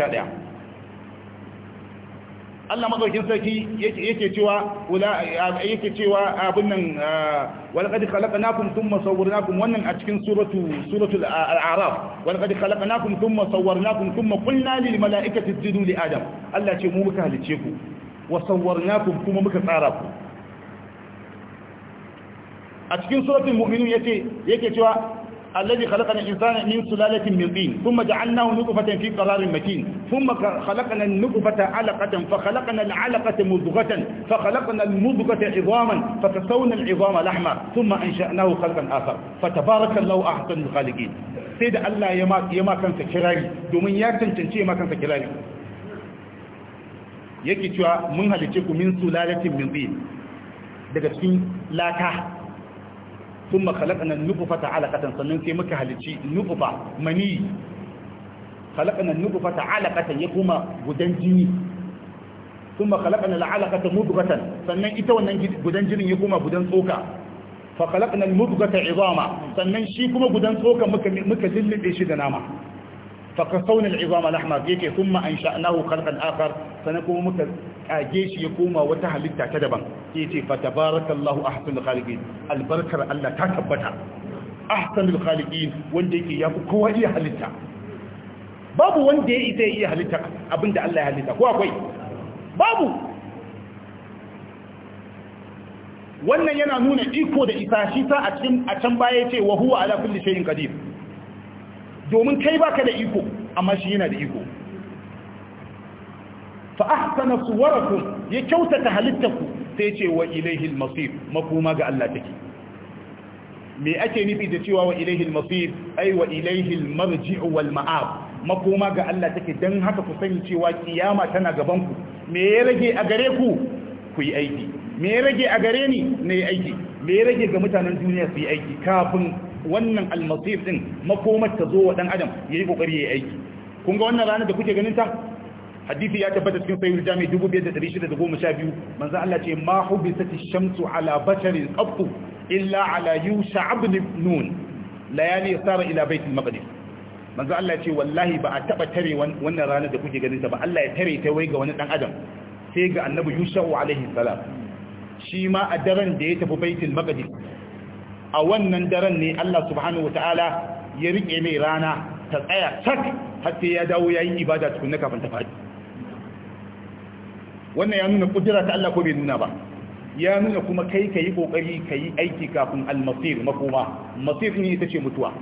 Allah madaukin sarki yake cewa wala yake cewa abun nan ah, wal qad khalaqnakum thumma sawwarnakum wannan a cikin suratu suratul al-a'raf wal qad khalaqnakum thumma sawwarnakum thumma qulna lil mala'ikati isjudu li adam Allah ce mu muka halice ku wa sawwarnakum kuma muka tsara ku a cikin suratul mu'minun yake yake cewa الذي خلقنا الإنسان من سلالة من طين ثم جعلناه نطفة في قرار مكين ثم خلقنا النطفة علقة فخلقنا العلقة مضغة فخلقنا المضغة عظاما فكسونا العظام لحما ثم أنشأناه خلقا آخر فتبارك الله أحسن الخالقين سيد الله يما كان كراري دومين يا تنتنشي يما كان كراري yake cewa mun halice ku min sulalatin min daga cikin laka sun makalakanan nufufata alaƙatan sannan sai muka halici nufufa mani kalakanan nufufata alaƙatan ya kuma gudan jini sun makalakanan la'alaƙatan mutugatan sannan ita wannan gudan jinin ya kuma gudan tsoka fakalakanan mutugata izama sannan shi kuma gudan tsoka muka lullube shi da nama فقصونا العظام لحما يكي ثم أنشأناه خلقا آخر سنكون مكة أجيش يقوم وتهلتا كدبا يتي فتبارك الله أحسن الخالقين البركة ألا تكبتها أحسن الخالقين وانديكي يقوى إيا هلتا بابو وانديكي إيا هلتا أبند ألا هلتا هو أخوي بابو wannan yana nuna iko da isa shi sa a can baya ce wa huwa ala kulli shay'in qadir domin kai baka da iko amma shi yana da iko fa ahsana suwarakum ya kyautata halittarku sai ce wa ilaihi masir makoma ga Allah take me ake nufi da cewa wa ilaihi masir ai wa ilaihi marjiu wal ma'ab makoma ga Allah take dan haka ku sani cewa kiyama tana gaban ku me ya rage a gare ku ku yi aiki me ya rage a gare ni na yi aiki me ya rage ga mutanen duniya su yi aiki kafin wannan almasif din makomar ta zo wa dan adam yi kokari yayi aiki kun ga wannan ranar da kuke ganin ta hadisi ya tabbata cikin sahih jami 2612 manzo Allah ce ma hubisati shamsu ala basharin qattu illa ala yusha ibn nun layali sara ila bait al-maqdis manzo Allah ce wallahi ba a taba tare wannan ranar da kuke ganin ta ba Allah ya tare ta wai ga wani dan adam sai ga annabi yusha alaihi salam shi ma a daren da ya tafi baitul maqdis a wannan daren ne Allah subhanahu wataala ya rike mai rana ta tsaya sak. har sai ya dawo yayi ibada tukunna kafin ta faɗi. wannan ya nuna kudura ta Allah ko bai nuna ba ya nuna kuma kai kayi ka kayi aiki kafin al makoma masir ne ita ce mutuwa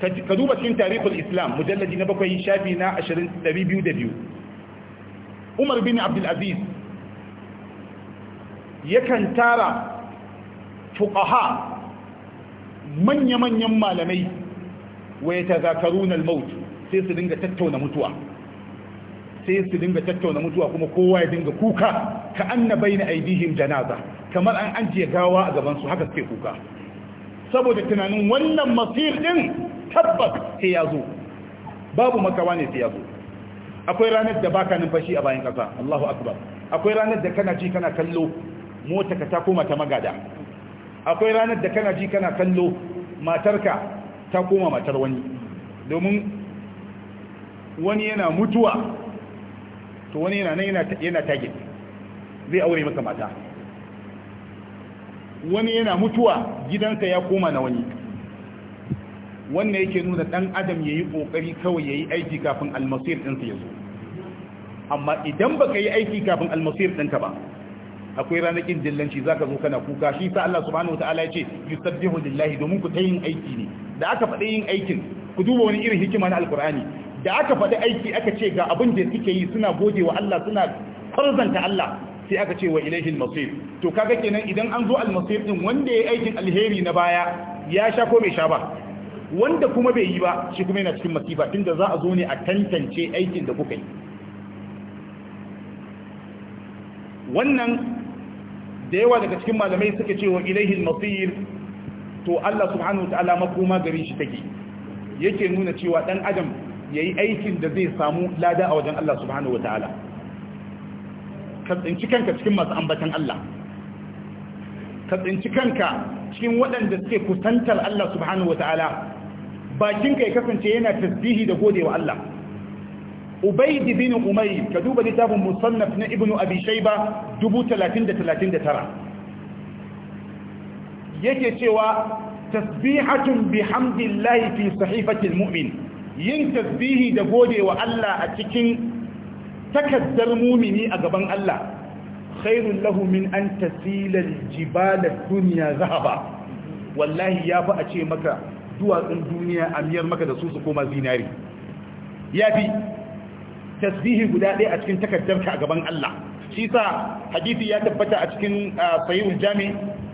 ka duba cikin tarihul islam mujalladi na bakwai shafi na 22 umar bin abdulaziz yakan tara fuqaha manya-manyan malamai waya ta zakaru al maut sai su dinga tattauna mutuwa sai su dinga tattauna mutuwa kuma kowa ya dinga kuka ka annabai na aidihim janaza kamar an ajiye gawa a gabansu haka suke kuka saboda tunanin wannan masir din tabbas sai ya zo babu makawa ne sai ya zo akwai ranar da baka numfashi a bayan kasa Allahu akbar akwai ranar da kana ji kana kallo mota ka ta koma ta magada akwai ranar da kana ji kana kallo matarka ta koma matar wani domin wani yana mutuwa to wani yana nan yana target zai aure maka mata wani yana mutuwa gidansa ya koma na wani wannan yake nuna dan adam yayi kokari kawai yayi aiki kafin almasir din ya zo amma idan baka yi aiki kafin almasir ɗinka ba akwai ranakin dillanci zaka zo kana kuka shi sa Allah subhanahu wataala ya ce yusabbihu lillahi domin ku yin aiki ne da aka faɗi yin aikin ku duba wani irin hikima na alkur'ani da aka faɗi aiki aka ce ga abin da suke yi suna gode wa Allah suna farzanta Allah sai aka ce wa ilaihi al-masir to kaga kenan idan an zo al-masir din wanda yayi aikin alheri na baya ya sha ko bai sha ba wanda kuma bai yi ba shi kuma yana cikin masifa tunda za a zo ne a tantance aikin da kuka yi wannan da yawa daga cikin malamai suka ce wa ilaihi al-masir to Allah subhanahu wa ta'ala makoma gari shi take yake nuna cewa dan adam yayi aikin da zai samu lada a wajen Allah subhanahu wa ta'ala. ka tsinci kanka cikin masu ambatan Allah ka tsinci kanka cikin waɗanda suke kusantar Allah subhanahu wa ta'ala, bakinka ya kasance yana tasbihi da godewa Allah Ubaidi bin umayr ka duba littafin musannaf na ibnu abi shayba 3039 yake cewa tasbihatun bihamdillahi fi sahifatil mu'min yin tasbihi da gode wa Allah a cikin takaddar mumini a gaban Allah khairun lahu min an tasila jibala dunya zahaba wallahi ya a ce maka duwatsun duniya a miyar maka da su su koma zinari ya fi tasbihi guda ɗaya a cikin takardarka a gaban Allah shi sa hadisi ya tabbata a cikin sahihul jami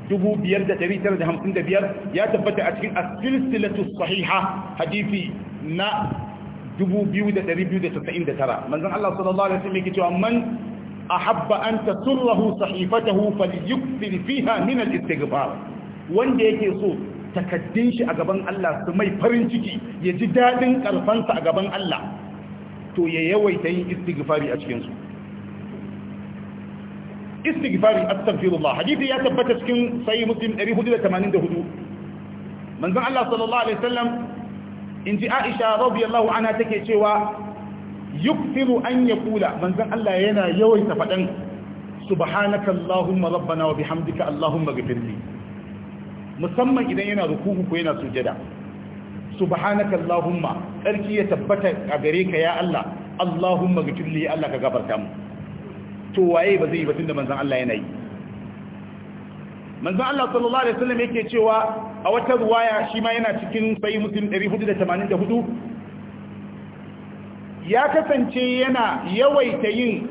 5955 ya tabbata a cikin as-silsilatu sahiha hadisi na 2299 manzon Allah sallallahu alaihi wasallam yake cewa man ahabba an tasurrahu sahifatahu falyukthir fiha min al-istighfar wanda yake so takaddin shi a gaban Allah su mai farin ciki ya ji dadin karfansa a gaban Allah to ya yawaita yin istighfari a cikin su istighfari astaghfirullah hadisi ya tabbata cikin sahih muslim 484 manzon Allah sallallahu alaihi wasallam inji Aisha radiyallahu anha take cewa yukfiru an yaqula manzon Allah yana yawaita fadan subhanaka allahumma rabbana wa bihamdika allahumma ghfirli musamman idan yana ruku'u ko yana sujada subhanaka allahumma sarki ya tabbata a gare ka ya Allah allahumma gfirli Allah ka gafarta mu to waye ba zai yi ba tunda manzon Allah yana yi manzon Allah sallallahu alaihi wasallam yake cewa a wata ruwaya shi ma yana cikin sai muslim 484 ya kasance yana yawaita yin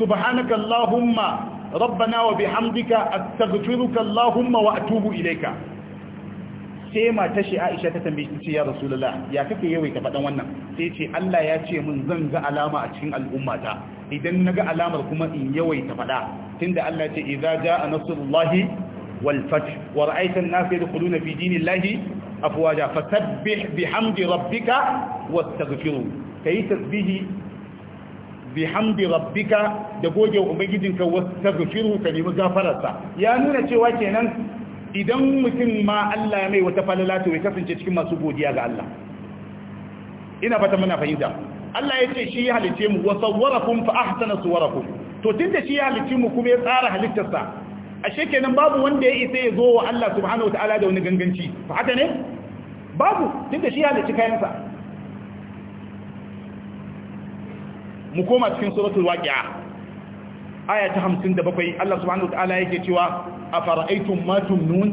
subhanaka allahumma rabbana wa bihamdika astaghfiruka allahumma wa atubu ilayka sai mata shi Aisha ta tambaye shi ya Rasulullah ya kake yawaita faɗan wannan sai ce Allah ya ce mun zan ga alama a cikin al'ummata idan naga alamar kuma in yawaita faɗa tunda Allah ce idza jaa nasrullahi wal fath wa ra'aita an-nasa yadkhuluna fi dinillahi afwaja fasabbih bihamdi rabbika wastaghfiru kai tasbihi bihamdi rabbika da goge ubangijinka wastaghfiru ka nemi gafararsa ya nuna cewa kenan idan mutum ma Allah ya mai wata falala ta ya kasance cikin masu godiya ga Allah ina fata muna fahimta Allah ya ce shi ya halice mu wasu sawwarakum fa ahsana suwarakum to tun da shi ya halice mu kuma ya tsara halittarsa ashe nan babu wanda ya isa ya zo wa Allah subhanahu ta'ala, da wani ganganci fa haka ne babu tunda shi ya halice kayansa mu koma cikin suratul waqi'a aya ta 57 Allah subhanahu wataala yake cewa a fara'aitun matun nun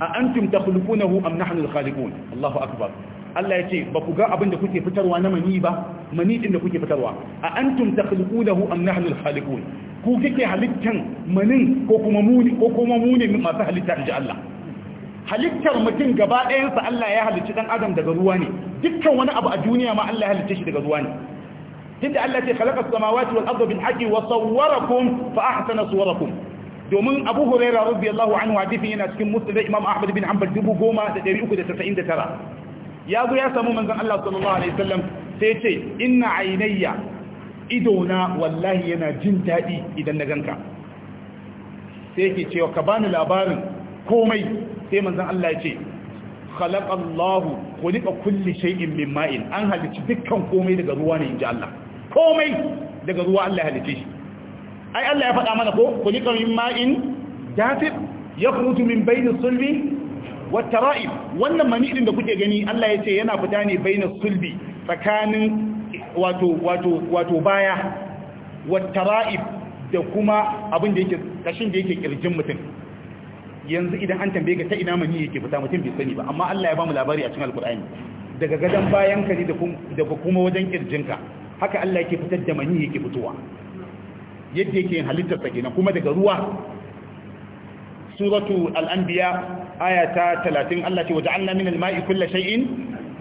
a antum takhluqunahu am nahnu al-khaliqun Allahu akbar Allah yace ba ku ga abin da kuke fitarwa na mani ba mani din da kuke fitarwa a an takhluqunahu am nahnu al-khaliqun ku kike halittan manin ko kuma muni ko kuma muni masu halitta inji Allah halittar mutum gaba ɗayansa Allah ya halicci ɗan adam daga ruwa ne dukkan wani abu a duniya ma Allah ya halicce shi daga ruwa ne tunda Allah ce khalaqa samawati wal arda bil haqqi wa sawwarakum fa ahsana suwarakum domin Abu Huraira radiyallahu anhu hadisin yana cikin Muslim Imam Ahmad bin Hanbal 10399 ya zo ya samu manzon Allah sallallahu alaihi wasallam sai ce inna aynayya idona wallahi yana jin dadi idan na ganka sai yake cewa ka bani labarin komai sai manzon Allah ya ce khalaqallahu khuliqa kulli shay'in min ma'in an halici dukkan komai daga ruwa ne inji Allah komai daga ruwa Allah ya halice shi ai Allah ya faɗa mana ko kulika min ma'in ya furutu min bayni sulbi Wata ra'ib, wannan mani'in da kuke gani Allah ya ce yana fita ne bayna sulbi tsakanin wato baya wata ra'ib da kuma abin da yake kashin da yake kirjin mutum yanzu idan an tambaye ka ta ina mani yake fita mutum bai sani ba amma Allah ya bamu labari a cikin alkur'ani daga gadan bayan ka ne da kuma wajen kirjinka haka Allah yake fitar da mani yake fitowa yadda yake yin halittar halittarsa kenan kuma daga ruwa suratu al'anbiya aya ta 30 Allah ce waja'alna minal ma'i kulli shay'in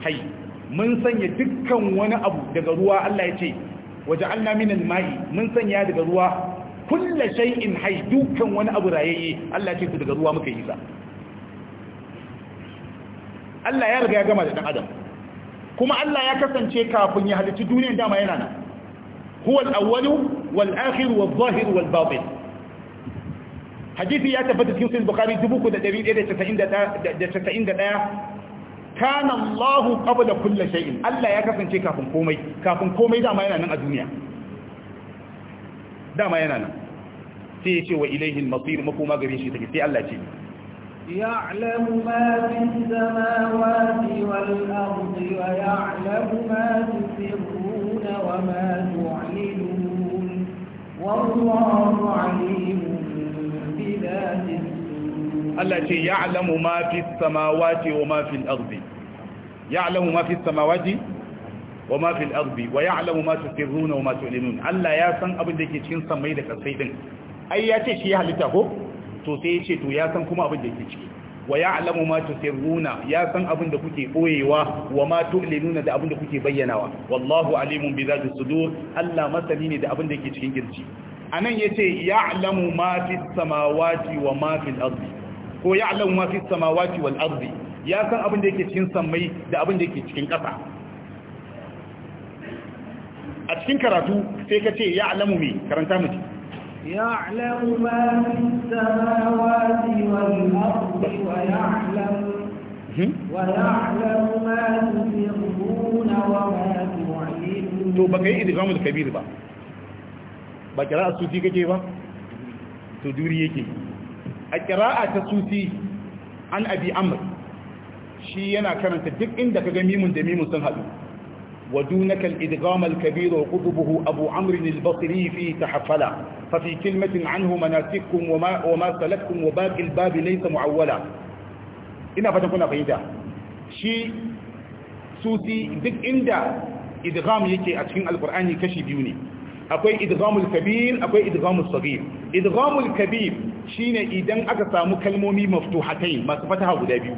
hayy mun sanya dukkan wani abu daga ruwa Allah ya ce waja'alna minal ma'i mun sanya daga ruwa kulli shay'in hayy dukkan wani abu rayayye Allah ya ce daga ruwa muka yi sa Allah ya riga ya gama da dan adam kuma Allah ya kasance kafin ya halitta duniyar dama yana nan huwa al-awwalu wal akhir wal zahir wal batin hadisi ya tabbata cikin sahih bukhari 1191 kana Allah qabla kulli shay'in Allah ya kasance kafin komai kafin komai dama yana nan a duniya dama yana nan sai ya ce wa ilaihi al-masir makoma gare shi take sai Allah ce يعلم ما في السماوات والأرض ويعلم ما تسرون وما تعلنون والله عليم بذات التي يعلم ما في السماوات وما في الأرض يعلم ما في السماوات وما في الأرض ويعلم ما تسرون وما تعلنون ألا يا سن أبن دكي تشين سمي السيدين أي يا تشي هل تهو to sai ya ce to ya san kuma abin da yake ciki wa ya alamu ma tusirruna ya san abin da kuke koyewa wa ma tu'linuna da abin da kuke bayyanawa wallahu alimun bi zati sudur Allah masani ne da abin da yake cikin kirji anan yace ya'lamu ma fis samawati wa ma fil ardi ko ya'lamu ma fis samawati wal ardi ya san abin da yake cikin sammai da abin da yake cikin ƙasa a cikin karatu sai ka ce ya alamu me karanta miki يعلم ما في السماوات والأرض ويعلم ويعلم ما تسرون وما تعلنون تو بقى إدغام الكبير بقى ba kira'a sufi kake ba to duri yake a kira'a ta sufi an abi amr shi yana karanta duk inda ka mimun da mimun sun haɗu ودونك الإدغام الكبير وقطبه أبو عمرو البصري في تحفلا ففي كلمة عنه مناسككم وما, وما سلككم وباقي الباب ليس معولا إنا فتكون فإيدا شي سوسي دك إندا إدغام يكي أتفين القرآن كشي بيوني akwai idghamul kabir akwai idghamul saghir idghamul kabir shine idan aka samu kalmomi maftuhatain masu fataha guda biyu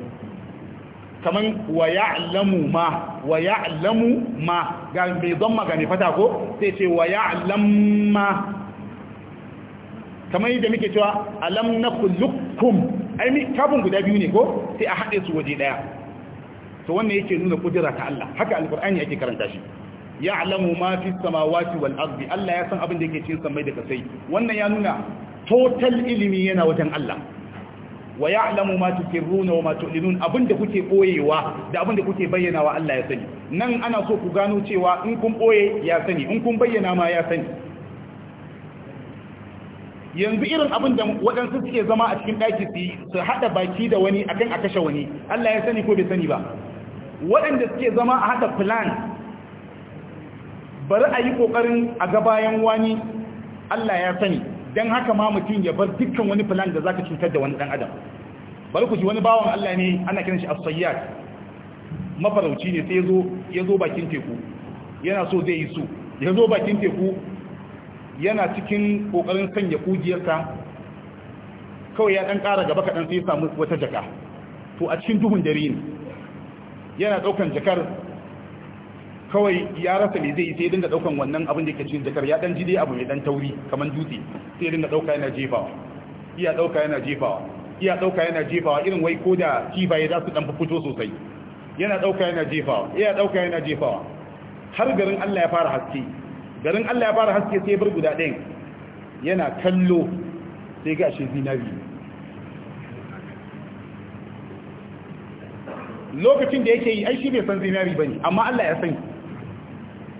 kaman wa ya'lamu ma wa ya'lamu ma ga mai zamma ga mai fata ko sai ce wa ya'lam ma kamar yadda muke cewa alam na kullukum ai mi kafin guda biyu ne ko sai a haɗe su waje ɗaya to wannan yake nuna kudura ta Allah haka alqur'ani yake karanta shi ya'lamu ma fi samawati wal ardi Allah ya san abin da yake cikin samai da kasai wannan ya nuna total ilimi yana wajen Allah wa ya'lamu ma runa wa ma tu'linun abinda kuke ɓoyewa, da abinda kuke bayyana wa Allah ya sani nan ana so ku gano cewa in kun ɓoye ya sani in kun bayyana ma ya sani yanzu irin abinda waɗansu suke zama a cikin ɗaki su su haɗa baki da wani akan a kashe wani Allah ya sani ko bai sani ba waɗanda suke zama a haɗa plan bari a yi ƙoƙarin a ga bayan wani Allah ya sani don haka ma mutum ya bar dukkan wani filan da zaka cutar da wani dan adam bari ku ji wani bawan Allah ne ana kiran shi as-sayyad mafarauci ne sai yazo yazo bakin teku yana so zai yi su yazo bakin teku yana cikin kokarin sanya kugiyarsa kawai ya dan ƙara gaba kaɗan sai ya samu wata jaka to a cikin duhun dare ne yana ɗaukan jakar kawai ya rasa me zai sai dinga daukan wannan abin da ke cikin jakar ya dan jide abu mai dan tauri kamar dutse sai dinga dauka yana jefawa iya dauka yana jefawa iya dauka yana jefawa irin wai ko da ya za su dan fito sosai yana dauka yana jefawa iya dauka yana jefawa har garin Allah ya fara haske garin Allah ya fara haske sai bar guda ɗayan yana kallo sai ga shi zinari lokacin da yake yi ai shi bai san zinari bane amma Allah ya sani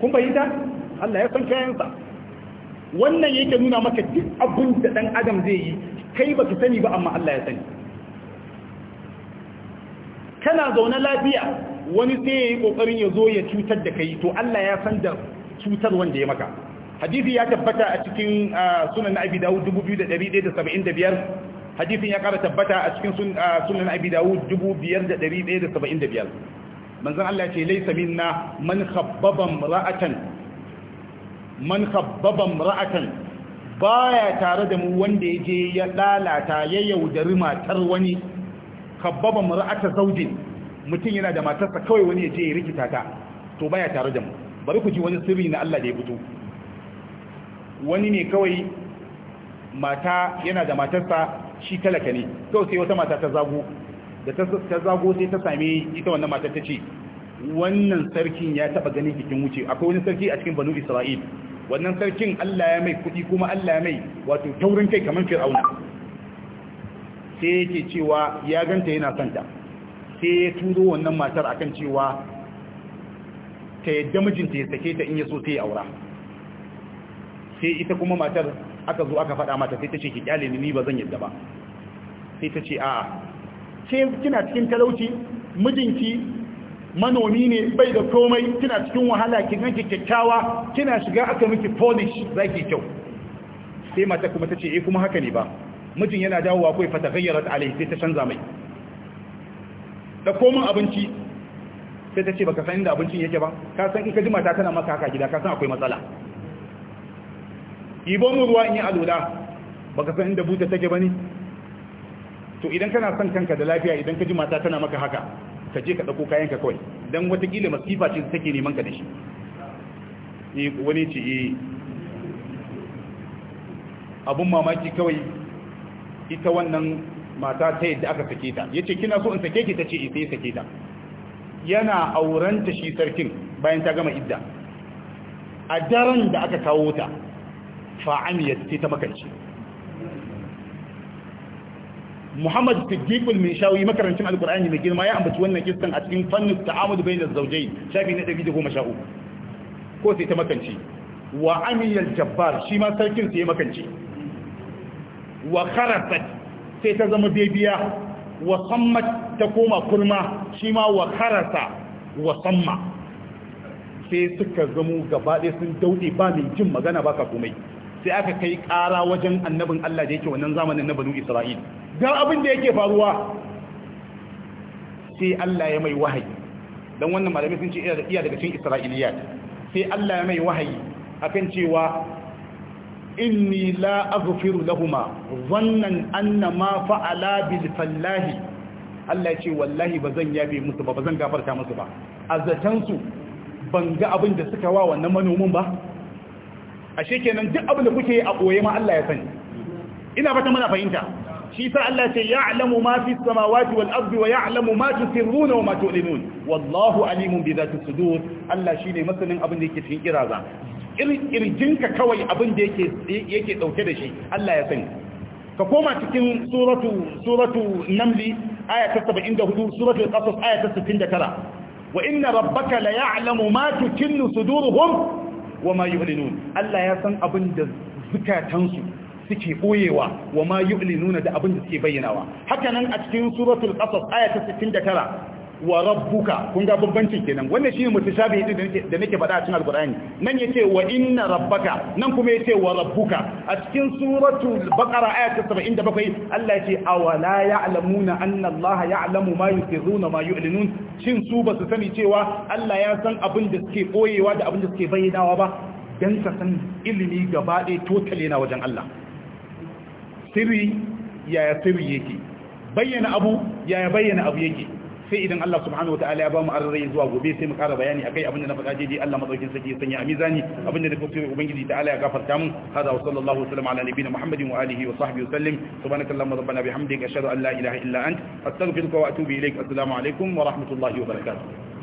kun fahimta Allah ya san kayansa wannan yake nuna maka duk abin da dan adam zai yi kai ba ki sani ba amma Allah ya sani kana zaune lafiya wani sai yayi kokarin ya zo ya cutar da kai to Allah ya san da cutar wanda ya maka hadisi ya tabbata a cikin sunan abi dawud 2175 hadisin ya kara tabbata a cikin sunan abi dawud 2575 manzon Allah ce laysa minna man khabbaba ra'atan man khabbaba ra'atan baya tare da mu wanda yaje ya lalata ya yaudari matar wani khabbaba ra'ata zaujin mutum yana da matarsa kawai wani yaje ya rikita ta to baya tare da mu bari ku ji wani sirri na Allah da ya fito wani ne kawai mata yana da matarsa shi talaka ne yau sai wata mata ta zago da ta zago sai ta same ita wannan matar ta ce wannan sarkin ya taba ganin bikin wuce akwai wani sarki a cikin banu isra'il wannan sarkin Allah ya mai kuɗi kuma Allah ya mai wato taurin kai kamar fir'auna sai yake cewa ya ganta yana santa sai ya turo wannan matar akan cewa ta yadda mijinta ya sake ta in ya so sai aura sai ita kuma matar aka zo aka faɗa mata sai ta ce ki kyale ni ba zan yadda ba sai ta ce a'a kina cikin talauci mijinki manomi ne bai da komai kina cikin wahala kin ganki kyakkyawa kina shiga aka miki polish zaki kyau sai mata kuma tace eh kuma haka ne ba mijin yana dawowa kai fa ghayyarat alai sai ta canza mai da komai abinci sai ta ce baka san inda abincin yake ba ka san in ka jima ta tana maka haka gida ka san akwai matsala ibo mu ruwa in yi alula baka san inda buta take bane to idan kana son kanka da lafiya idan ka ji mata tana maka haka ka je ka ɗauko kayanka kawai don watakila masifa ce take neman ka da shi eh, wani ce eh abun mamaki kawai ita wannan mata ta yadda aka sake ta ya kina so in sake ki ta ce eh, sai sake ta yana auranta shi sarkin bayan ta gama idda a daren da aka kawo ta fa'amiyat ta makanci Muhammad Siddiq al shawi makarancin Al-Qur'ani mai girma ya ambaci wannan kissan a cikin fannin ta'amud bainaz Zaujai, shafi na da goma 113 ko sai ta makance wa amiyal jabbar shi ma sarkin sai ya makance wa kharasat sai ta zama bebiya wa sammat ta koma kurma shi ma wa kharasa wa samma sai suka zamo gabaɗe sun dauɗe ba mai jin magana ba ka komai sai aka kai ƙara wajen annabin Allah da yake wannan zamanin na banu Isra'il Gar abin da yake faruwa sai Allah ya mai wahayi don wannan malamai sun ce iya daga cikin isra'iliya sai Allah ya mai wahayi akan cewa inni la aghfiru lahuma wannan anna ma fa'ala bil fallahi Allah ya ce wallahi bazan yabe musu ba bazan gafarta musu ba azatan su ban ga abin da suka wa wannan manomin ba ashe kenan duk abin da kuke a koye ma Allah ya sani ina fata muna fahimta shi sa Allah ce ya ya'lamu ma fi samawati wal ardi wa ya ya'lamu ma tusirruna wa ma tu'linun wallahu alimun bi dhati sudur Allah shine masanin abin da yake cikin kiraza kirjinka kawai abin da yake yake dauke da shi Allah ya sani ka koma cikin suratu suratu namli aya ta 74 suratu al-qasas aya ta 69 wa inna rabbaka la ya'lamu ma tukinnu suduruhum wa ma yu'linun Allah ya san abin da zukatansu suke boyewa wa ma nuna da abin da suke bayyanawa haka nan a cikin suratul ƙasas ayata ta 69 wa rabbuka kun ga bambancin kenan wannan shine mutashabihi din da nake da nake faɗa a cikin alqur'ani nan ya ce wa inna rabbaka nan kuma ya ce wa rabbuka a cikin suratul baqara aya ta 77 Allah yace awala ya'lamuna anna Allah ya'lamu ma yusirruna ma yu'linun shin su ba su sani cewa Allah ya san abin da suke boyewa da abin da suke bayyanawa ba dan ka san ilimi gaba ɗaya totale na wajen Allah sirri yaya sirri yake bayyana abu yaya bayyana abu yake sai idan Allah subhanahu wataala ya ba mu arrai zuwa gobe sai mu kara bayani akai abinda na faɗa jeje Allah madaukin saki ya sanya a mizani abinda da kuskure ubangiji ta'ala ya gafarta mun hada wa sallallahu alaihi wa sallam ala nabiyina muhammadin wa alihi wa sahbihi wa sallim subhanakallahumma rabbana bihamdika ashhadu an la ilaha illa ant astaghfiruka wa atubu ilaik assalamu alaikum wa rahmatullahi wa barakatuh